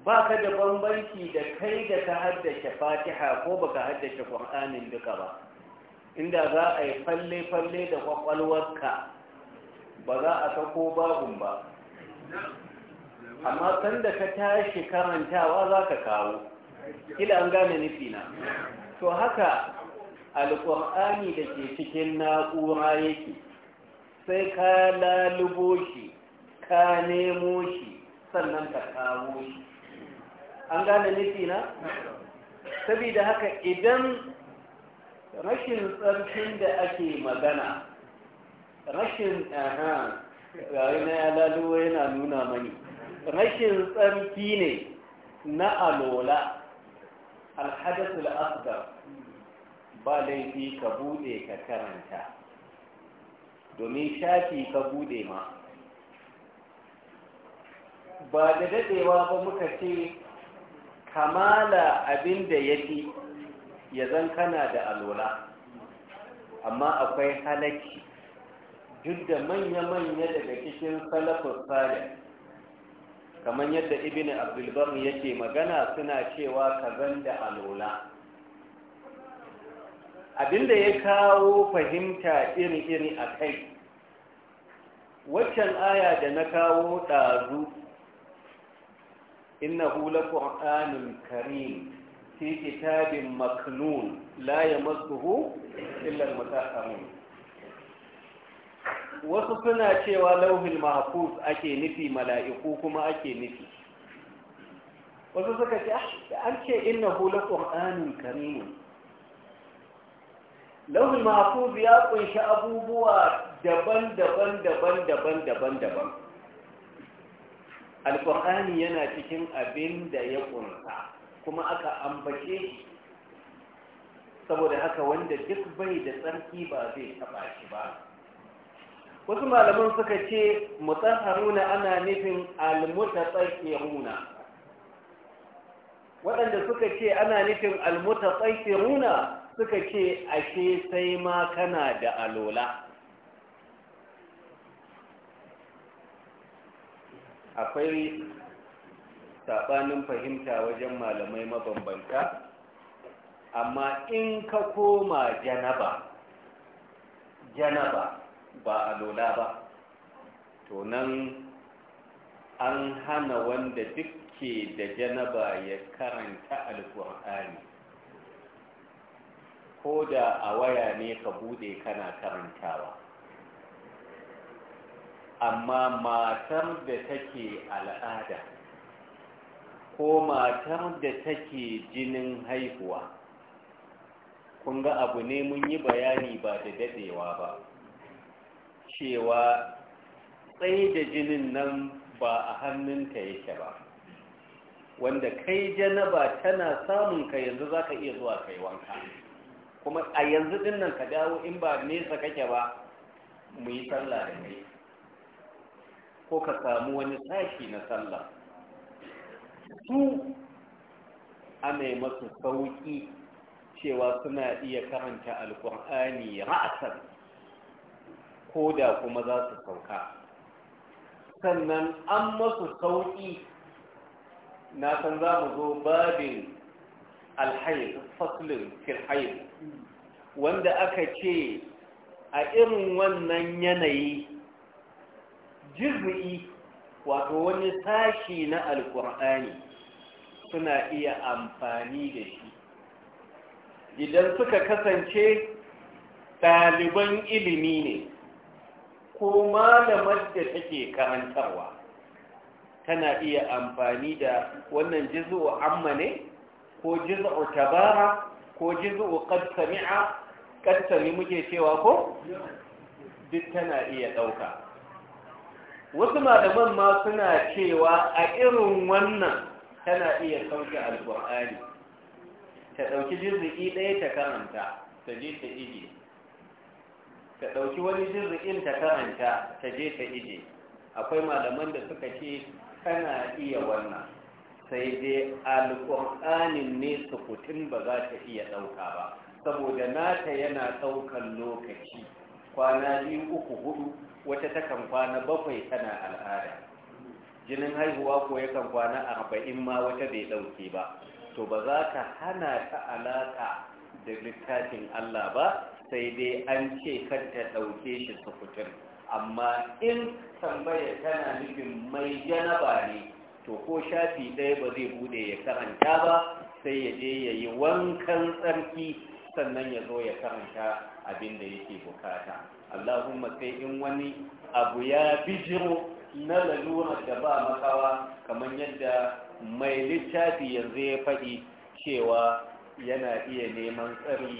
ba ka da bambanci da kai da ka haddace fatiha ko ba ka haddace ƙwa'anin duka ba inda za a yi falle-falle da kwakwalwarka ba za a sako babun ba amma kan da ka tashi karantawa za ka kawo kila an gane nufina to haka alƙur'ani da ke cikin na'ura yake sai ka lalubo shi ka nemo shi sannan ka kawo shi an gane nufina saboda haka idan rashin tsarkin da ake magana rashin aha gari na ya lalubo yana nuna mani rashin tsarki ne na alola alhadasul asgar ba laifi ka bude ka karanta domin shafi ka bude ma ba da daɗewa ba muka ce kamala abin da ya fi ya zan kana da alola amma akwai halaki duk da manya-manya daga cikin salafin salih kamar yadda ibn abdulbar yake magana suna cewa kazan da alola abinda ya kawo fahimta iri-iri a kai waccan aya da na kawo ɗazu innahu laƙur'anin karim fi kitabin maknun la ya matsuhu illar matakarun wasu suna cewa lauhin mahfuz ake nufi mala'iku kuma ake nufi wasu suka ce ah, an ce inna hula ƙur'anin karimun lauhin mahfuz ya kunshi abubuwa daban-daban daban-daban daban-daban yana cikin abin da ya ƙunsa kuma aka ambace shi saboda haka wanda duk bai da tsarki ba zai taɓa shi ba wasu malaman suka ce mutaharuna ana nufin almutatsakiruna waɗanda suka ce ana nufin almutatsakiruna suka ce ashe sai ma kana da alola akwai saɓanin fahimta wajen malamai mabambanta amma in ka koma janaba janaba ba a lola ba to nan an hana wanda dukke da janaba ya karanta alkur'ani ko da a waya ne ka bude kana karantawa amma matar da take al'ada ko matar da take jinin haihuwa kun ga abu ne mun yi bayani ba da dadewa ba cewa tsaye da jinin nan ba a hannunka yake ba wanda kai janaba tana samun ka yanzu za ka iya zuwa kai wanka kuma a yanzu din nan ka dawo in ba nesa kake ba mu yi sallah da kai ko ka samu wani sashi na sallah su amai mai masu sauƙi cewa suna iya karanta alkur'ani ra'asar ko da kuma za su sauka sannan an masu sauƙi na san za mu zo babin alhaif faslin filhaif wanda aka ce a irin wannan yanayi jirgi wato wani sashi na alkur'ani suna iya amfani da shi idan suka kasance ɗaliban ilimi ne ko malamar da take karantarwa tana iya amfani da wannan jizu amma ne ko jizu tabara ko jizu qad sami'a muke cewa ko duk tana iya ɗauka. wasu malaman ma suna cewa a irin wannan tana iya sauke alqur'ani ta ɗauki jizu'i ɗaya ta karanta ta je ta ije Ka ɗauki wani jirgin ta karanta ta je ta ije akwai malaman da suka ce kana iya wannan sai dai alƙur'anin ne sukutun ba za ta iya ɗauka ba saboda nata yana ɗaukan lokaci kwana biyu uku hudu wata takan kwana bakwai tana al'ada jinin haihuwa ko kan kwana arba'in ma wata bai ɗauke ba to ba za ka hana ta alaka da littafin Allah ba sai dai an ce kan ta ɗauke shi sukutur amma in tambaya tana nufin mai janaba ne to ko shafi ɗaya ba zai bude ya karanta ba sai ya je ya yi wankan tsarki sannan ya zo ya karanta abin da yake bukata allahumma sai in wani abu ya bijiro na lalura da ba makawa kamar yadda mai littafi yanzu ya faɗi cewa yana iya neman tsari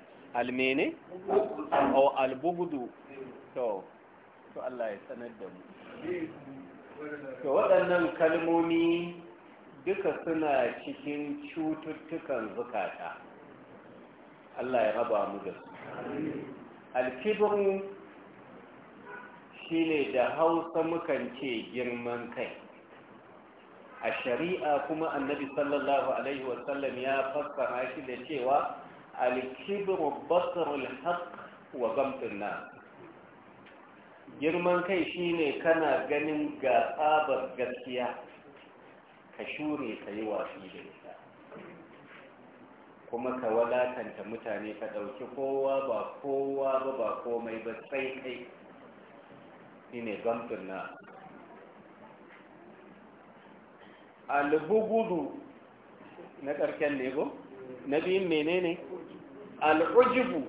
almene au albugudu to to Allah ya sanar da mu to waɗannan kalmomi duka suna cikin cututtukan zukata Allah ya raba mu da su alkibin shine da hausa mukan ce girman kai a shari'a kuma annabi sallallahu alaihi wasallam ya fassara shi da cewa alkibru basrul haqq wa gamtun girman kai shine kana ganin ga tsabar gaskiya ka shure ka yi watsi da ita kuma ka wadatanta mutane ka ɗauki kowa ba kowa ba ba komai ba sai kai shine gamtun nas albugudu na ƙarshen ne na biyun menene al'ujibu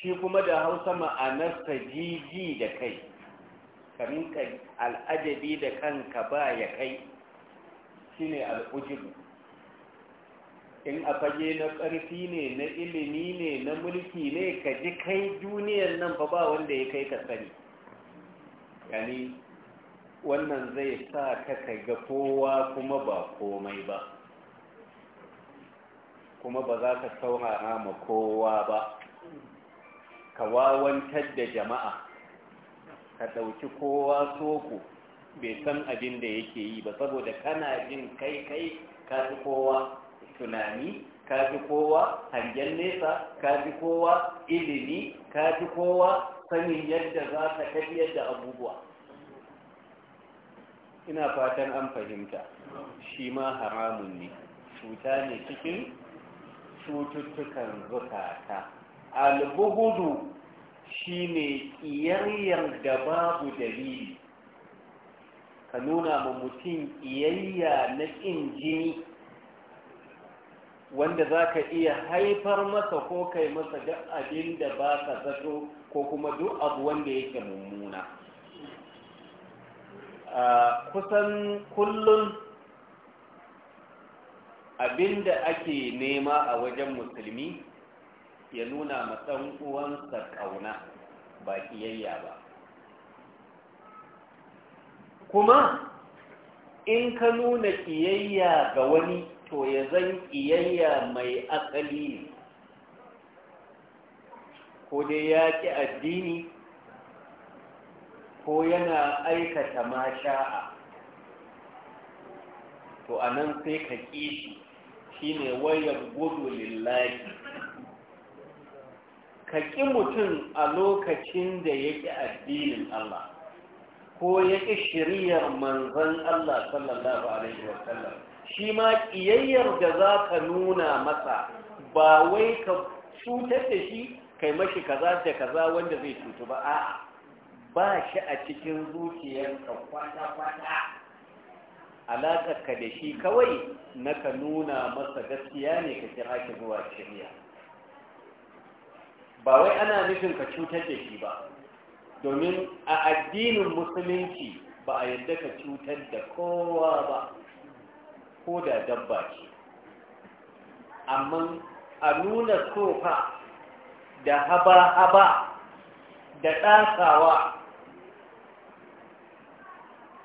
shi kuma da hausa ma'anarsa jiji da kai kamin ka al'ajabi da kanka ba ya kai shi ne al'ujibu in a fage na ƙarfi ne na ilimi ne na mulki ne ka ji kai duniyar nan fa ba wanda ya kai ka sani yani wannan zai sa ka kai ga kowa kuma ba komai ba kuma ba za ka saurara ma kowa ba ka wawantar da jama'a ka ɗauki kowa soko bai san abin da yake yi ba saboda kana jin kai kai ka fi kowa tunani ka fi kowa hangen nesa ka fi kowa ilimi ka fi kowa sanin yadda za ka tafiyar da abubuwa ina fatan an fahimta shi ma haramun ne cuta ne cikin cututtukan zukata albuhudu shine ƙiyayyar da babu dalili ka nuna ma mutum ƙiyayya na ƙin jini wanda za ka iya haifar masa ko kai masa duk abin da ba ka zato ko kuma duk abu wanda yake mummuna kusan kullum abinda ake nema a wajen musulmi ya nuna matsan uwansa ƙauna ba ƙiyayya ba kuma in ka nuna kiyayya ga wani to ya zan kiyayya mai asali ne ko dai ya ƙi addini ko yana aikata masha'a to a nan sai ka ƙi shi shine wayar gudu lillahi ka ƙi mutum a lokacin da ya ƙi addinin Allah ko ya ƙi shiriyar manzan Allah sallallahu Alaihi wasallam shi ma ƙiyayyar da za ka nuna masa ba wai ka cutar da shi kai mashi kaza da kaza wanda zai cutu ba a ba shi a cikin zuciyarka kwata-kwata alaƙarka da shi kawai na ka nuna masa gaskiya ne ka kira ki zuwa shirya ba wai ana nufin ka cutar da shi ba domin a addinin musulunci ba a yadda ka cutar da kowa ba ko da dabba ce amma a nuna tsofa da haba-haba da ɗasawa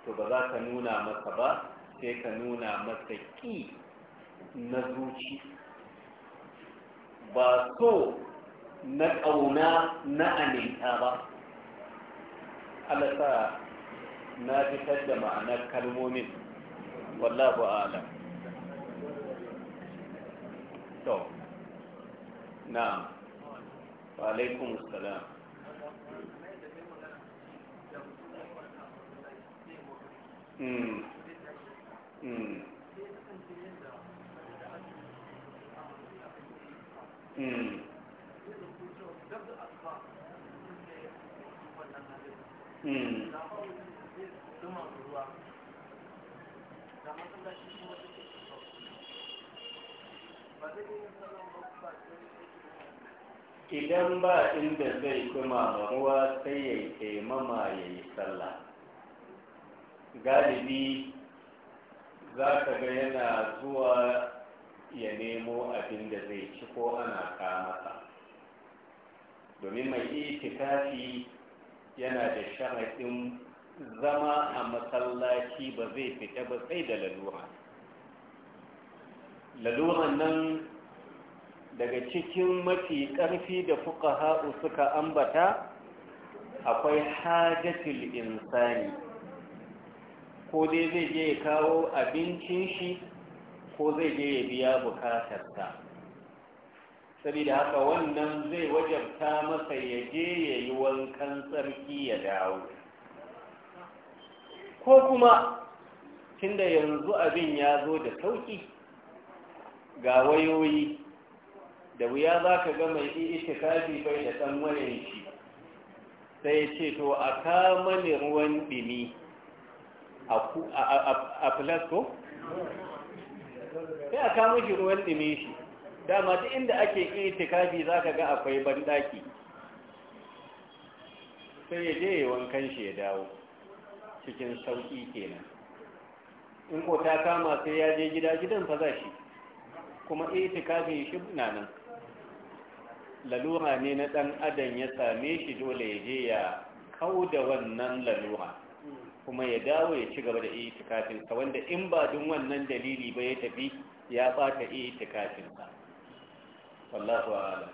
to ba za ka nuna masa ba sai ka nuna masa ƙi na zuci ba so na ƙauna na aminta ba alasa na fitar da ma'anar kalmomin wallahu alam to na wa alaikum salam Mm. idan ba inda zai kuma ruwa sai ya taimama ya yi sallah galibi za ka ga yana zuwa ya nemo abin da zai ci ko ana kamata domin mai itikafi yana da sharaɗin zama a masallaci ba zai fita ba sai da lalura Lalura nan daga cikin mafi ƙarfi da fuka suka ambata akwai hajjatul insani ko dai zai je ya kawo abincin shi ko zai je ya biya bukatarsa saboda haka wannan zai wajabta masa ya je ya yi wankan tsarki ya dawo ko kuma tunda yanzu abin ya zo da sauki ga wayoyi da wuya za ka ga mai kafi bai da ɗan shi sai ce to a kama ruwan ɗimi a flasco? sai a kama shi ruwan ɗime shi dama ta inda ake iya tikafi za ka ga akwai banɗaki sai ya je wankan shi ya dawo cikin sauƙi kenan in ko ta kama sai ya je gida gidan fa za shi kuma iya tikafi shi na nan lalura ne na ɗan adam ya same shi dole ya je ya kau da wannan lalura kuma ya dawo ya ci gaba da itikafinsa wanda in ba dun wannan dalili ba ya tafi ya fata itikafinsa wallahu a'lam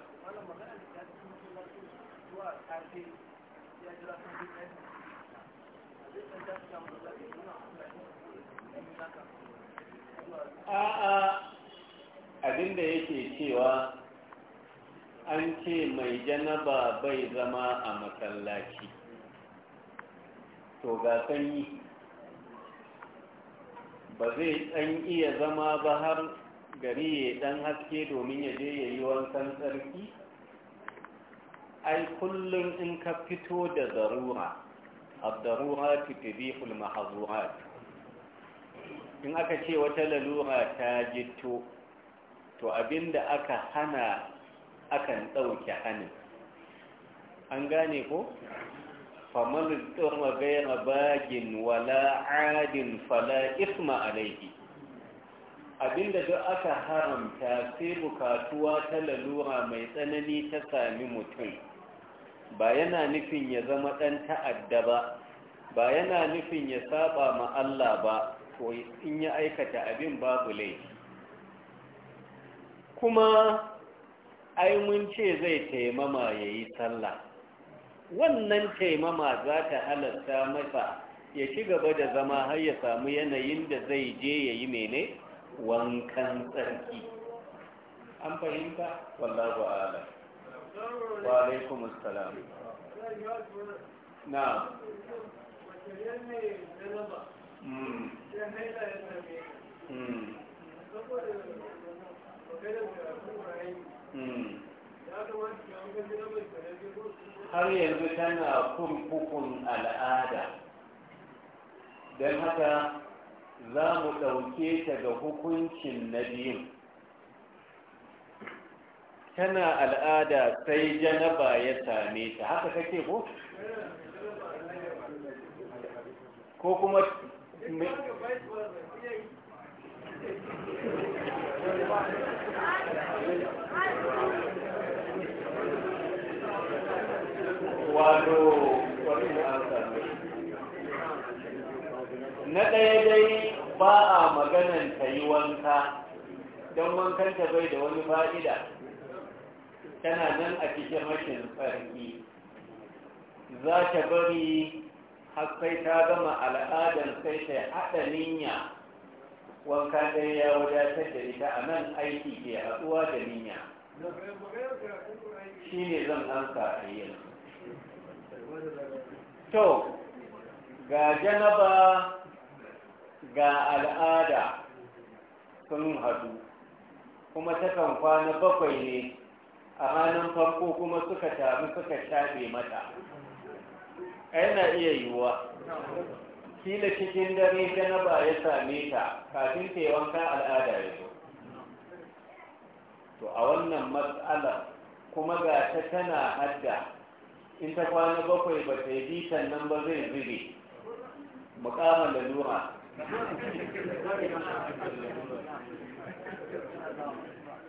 a'a abinda yake cewa an ce mai janaba bai zama a masallaci to ga sanyi ba zai ɗan iya zama ba har gari ya ɗan haske domin ya je ya yi wankan tsarki ai kullum in ka fito da zarura abdarura tutubihul mahazurat in aka ce wata lalura ta jito to abinda aka hana akan ɗauke hannun an gane ko faman tsirma gaira bagin wala adin fala isma alaihi abinda duk aka haramta sai bukatuwa ta lalura mai tsanani ta sami mutum ba yana nufin ya zama ɗan ta'adda ba ba yana nufin ya saba ma Allah ba ko in ya aikata abin babu laifi kuma ai mun ce zai taimama ya yi sallah wannan taimama za ta halatta masa ya ci gaba da zama har ya samu yanayin da zai je ya yi mene wankan tsarki an fahimta wallahu ala wa alaikum assalam na Mm. Mm. Hmm. har yanzu tana kurkukun al'ada don haka za mu ɗauke ta ga hukuncin na biyu tana al'ada sai janaba ya same ta haka kake ko? ko kuma wato na ɗaya dai ba a maganan ta yi wanka don wankanta bai da wani fa'ida tana nan a cikin rashin tsarki za ta bari har ta gama al'adar sai ta haɗa niyya wanka ɗaya ya wadatar da ita a nan aiki ke haɗuwa da niyya shi ne zan ansa a yanzu to ga janaba ga al'ada sun hadu kuma takan kwana bakwai ne a hannun farko kuma suka taru suka shafe mata yana iya yiwuwa kila cikin dare janaba ya same ta kafin ta yi wanka al'ada ya zo to a wannan matsala kuma ga ta tana hadda in ta kwana bakwai ba ta yi bitan nan ba zai zube mukaman da nura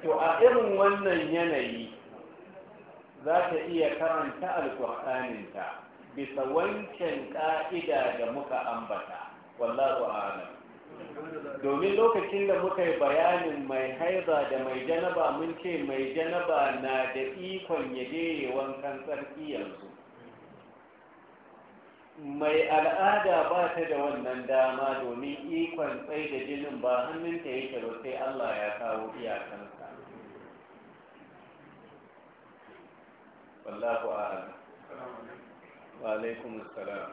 to a irin wannan yanayi za ta iya karanta alkur'aninta bisa wancan ka'ida da muka ambata wallahu a'lam domin lokacin da muka yi bayanin mai haiza da mai janaba mun ce mai janaba na da ikon ya je wankan tsarki yanzu mai al'ada ba ta da wannan dama domin ikon tsaye da jinin ba hannunta yake ba sai allah ya kawo iyakansa wallahu a'ala wa alaikum assalam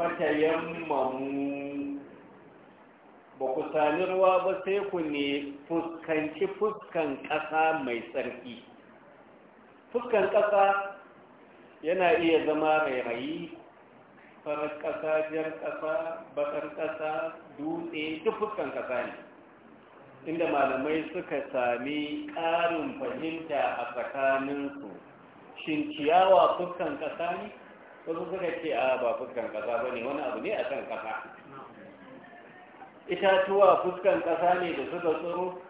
fatayammamu ba ku sami ruwa ba sai ku ne fuskanci fuskan ƙasa mai tsarki fuskan ƙasa yana iya zama rairayi farar ƙasa jar ƙasa baƙar ƙasa dutse duk fuskan ƙasa ne inda malamai suka sami ƙarin fahimta a tsakaninsu shin ciyawa fuskan ƙasa ne wasu suka ce a ba fuskan ƙasa ba ne wani abu ne a kan ƙasa itatuwa fuskan ƙasa ne da suka tsoro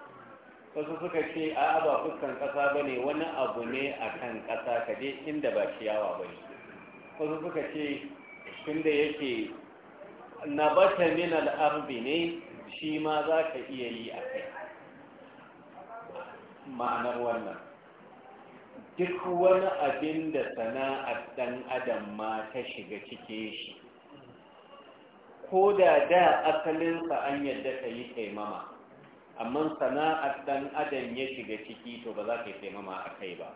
wasu suka ce a ba fuskan ƙasa ba ne wani abu ne a kan ƙasa ka je inda ba ciyawa ba ne wasu suka ce tunda yake ta min al'arbi ne shi ma za ka iya yi a kai ma'anar wannan duk wani abin da sana'ar ɗan adam ma ta shiga cike shi ko da da asalinsa an yadda ta yi taimama amma sana'ar ɗan adam ya shiga ciki to ba za ka yi taimama a kai ba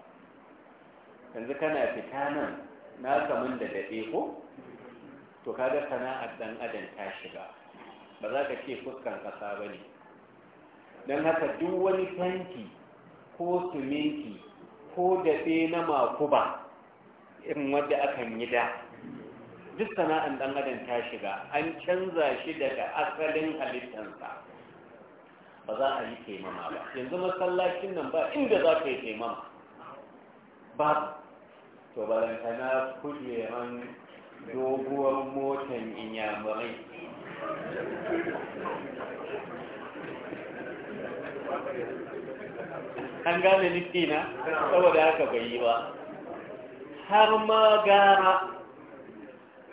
yanzu kana fita nan na kamun da daɗe ko to kaga sana'ar ɗan adam ta shiga ba za ka ce fuskan ƙasa ba ne don haka duk wani tanki ko siminti ko dafe na makuba in wadda akan yi da duk sana'an dan adam ta shiga an canza shi daga asalin halittansa ba za a yi taimama ba yanzu masallacin nan ba inda za ka yi taimama ba to balantana kujeran doguwar motan inyamurai an gane nufi saboda haka bai yi ba har ma gara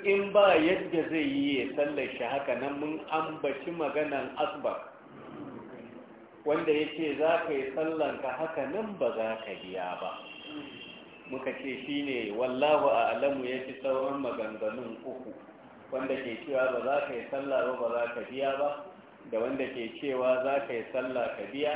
in ba yadda zai yi ya tsallar shi haka nan mun ambaci maganan asbar wanda ya ce za ka yi sallanka haka nan ba za ka biya ba muka ce shi ne wallahu a alamu ya ci sauran maganganun uku wanda ke cewa ba za ka yi tsallar ba ba za ka biya ba da wanda ke cewa za ka yi tsallar ka biya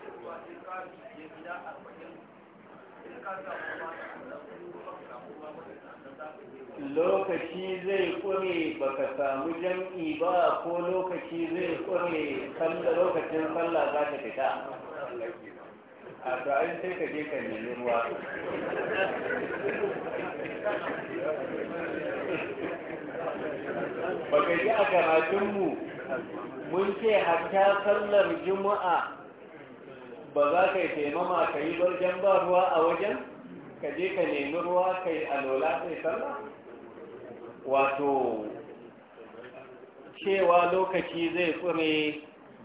lokaci zai kure baka samu jam'i ba ko lokaci zai kure lokacin sallah za ta fita a sa'in sai ka je ka nemi ruwa baka ji a karatunmu mun ce hatta sallar juma'a ba za ka yi taimama ka yi barjan ba ruwa a wajen ka je ka nemi ruwa ka yi alola sai sallah wato cewa lokaci zai tsure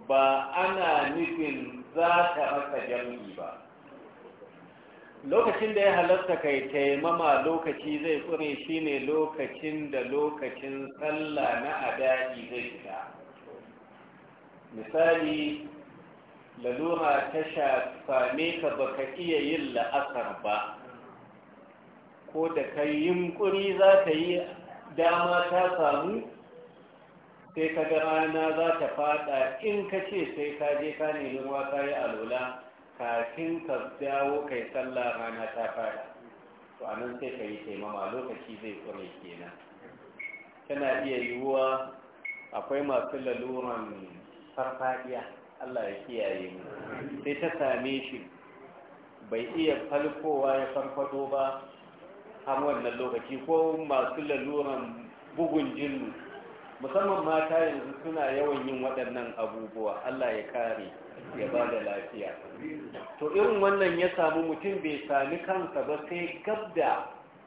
ba ana nufin za ka rasa jam'i ba lokacin da ya halatta kai taimama lokaci zai tsure shine lokacin da lokacin sallah na adadi zai fita misali lalura ta shafame ka baka iya yin la'asar ba ko da ka yunkuri za ta yi dama ta samu sai ka ga rana za ta fada in ka ce sai ka je ka nemi ruwa ka yi alola kafin ka dawo kai sallah rana ta fada to a nan sai ka yi taimama lokaci zai tsore kenan tana iya yiwuwa akwai masu laluran farfadiya Allah ya kiyaye mu sai ta same shi bai iya falkowa ya farfado ba har wannan lokaci ko masu laluran bugun jinnu musamman mata yanzu suna yawan yin waɗannan abubuwa Allah ya kare ya ba da lafiya to irin wannan ya samu mutum bai sami kansa ba sai gab da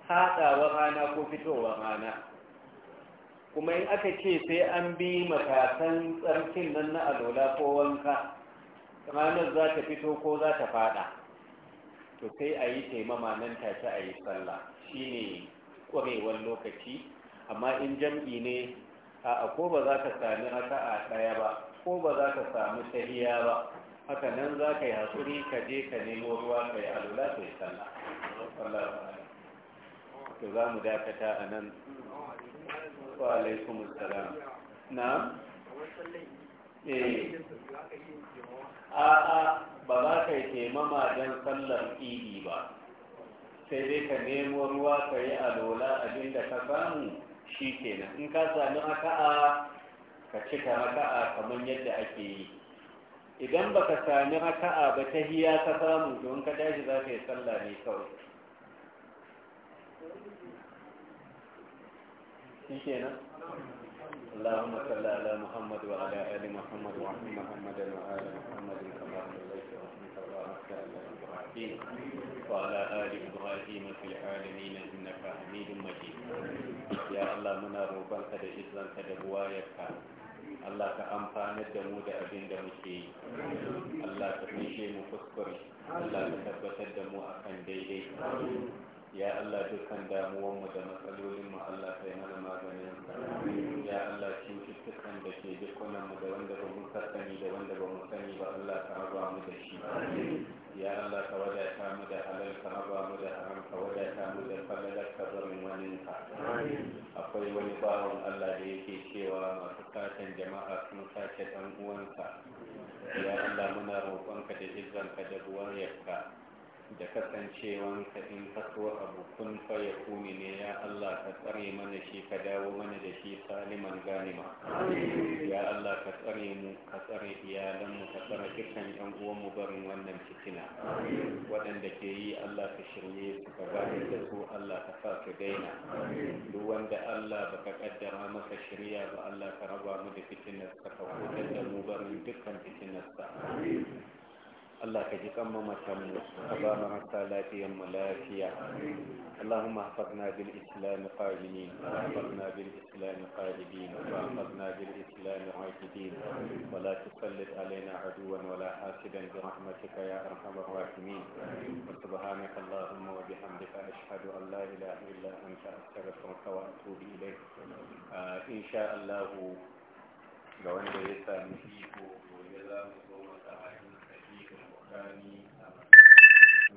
haɗawa rana ko fitowar rana kuma in aka ce sai an bi matakan tsarkin nan na alola ko wanka ranar za ta fito ko za ta fada to sai a yi taimama nan take a yi sallah ne kwarewar lokaci amma in jam'i ne a ko ba za ka sami a ɗaya ba ko ba za ka sami tahiya ba haka nan za ka yi haƙuri ka je ka nemo ruwa ka yi alola ta yi sallah to za mu dakata a nan wa alaikum na eh a a ba za ka yi taimama don sallar idi ba sai dai ka nemo ruwa ka yi alola abinda ka samu shi kenan in ka sami raka'a ka cika raka'a kamar yadda ake yi idan baka sami raka'a ba ta hiya ka samu don ka daji za ka yi sallah ne kawai shi na Allahumma salli ala Muhammad wa ala ali Muhammad wa ala Muhammad wa ala Muhammad wa ala Muhammadin wa ala ali Ibrahim fil alamin innaka Hamidum Majid ya Allah muna roƙon ka da izinin ka da buwayarka Allah ka amfana da mu da abinda da muke yi Allah ka bishe mu fuskure Allah ka tabbatar da mu akan daidai amin ya Allah dukkan damuwanmu da matsalolinmu Allah kai mana maganin ya Allah shi cututtukan da ke jikunanmu da wanda ba mu sani da wanda ba mu sani ba Allah ka raba mu da shi ya Allah ka wadata mu da halal ka raba mu da haram ka wadata mu da falalar ka zama zamin waninka akwai wani bawan Allah da yake cewa masu katin jama'a sun sace dan uwansa ya Allah muna roƙonka da izzanka da ruwan yakka da kasancewanka in kaso abu kun faya kuni ne ya Allah ka tsare mana shi ka dawo mana da shi saliman ganima ya Allah ka tsare mu ka tsare iyalanmu ka tsare dukkan yan uwanmu barin wannan fitina waɗanda ke yi Allah ka shirye su ka gane da su Allah ka sa su daina duk wanda Allah baka kaddara maka shirya ba Allah ka raba mu da fitinarsa ka ka da mu barin dukkan fitinarsa Allah ka ji kan mamatan mu ka ba mu hatta lafiyan mu lafiya اللهم احفظنا بالإسلام قائمين واحفظنا بالإسلام قائدين واحفظنا بالإسلام عاكدين ولا تسلط علينا عدوا ولا حاسدا برحمتك يا أرحم الراحمين وسبحانك اللهم وبحمدك أشهد أن لا إله إلا أنت أستغفرك وأتوب إليك آه إن شاء الله لو أن يسامحيك ويلا مصومة عينك tsakani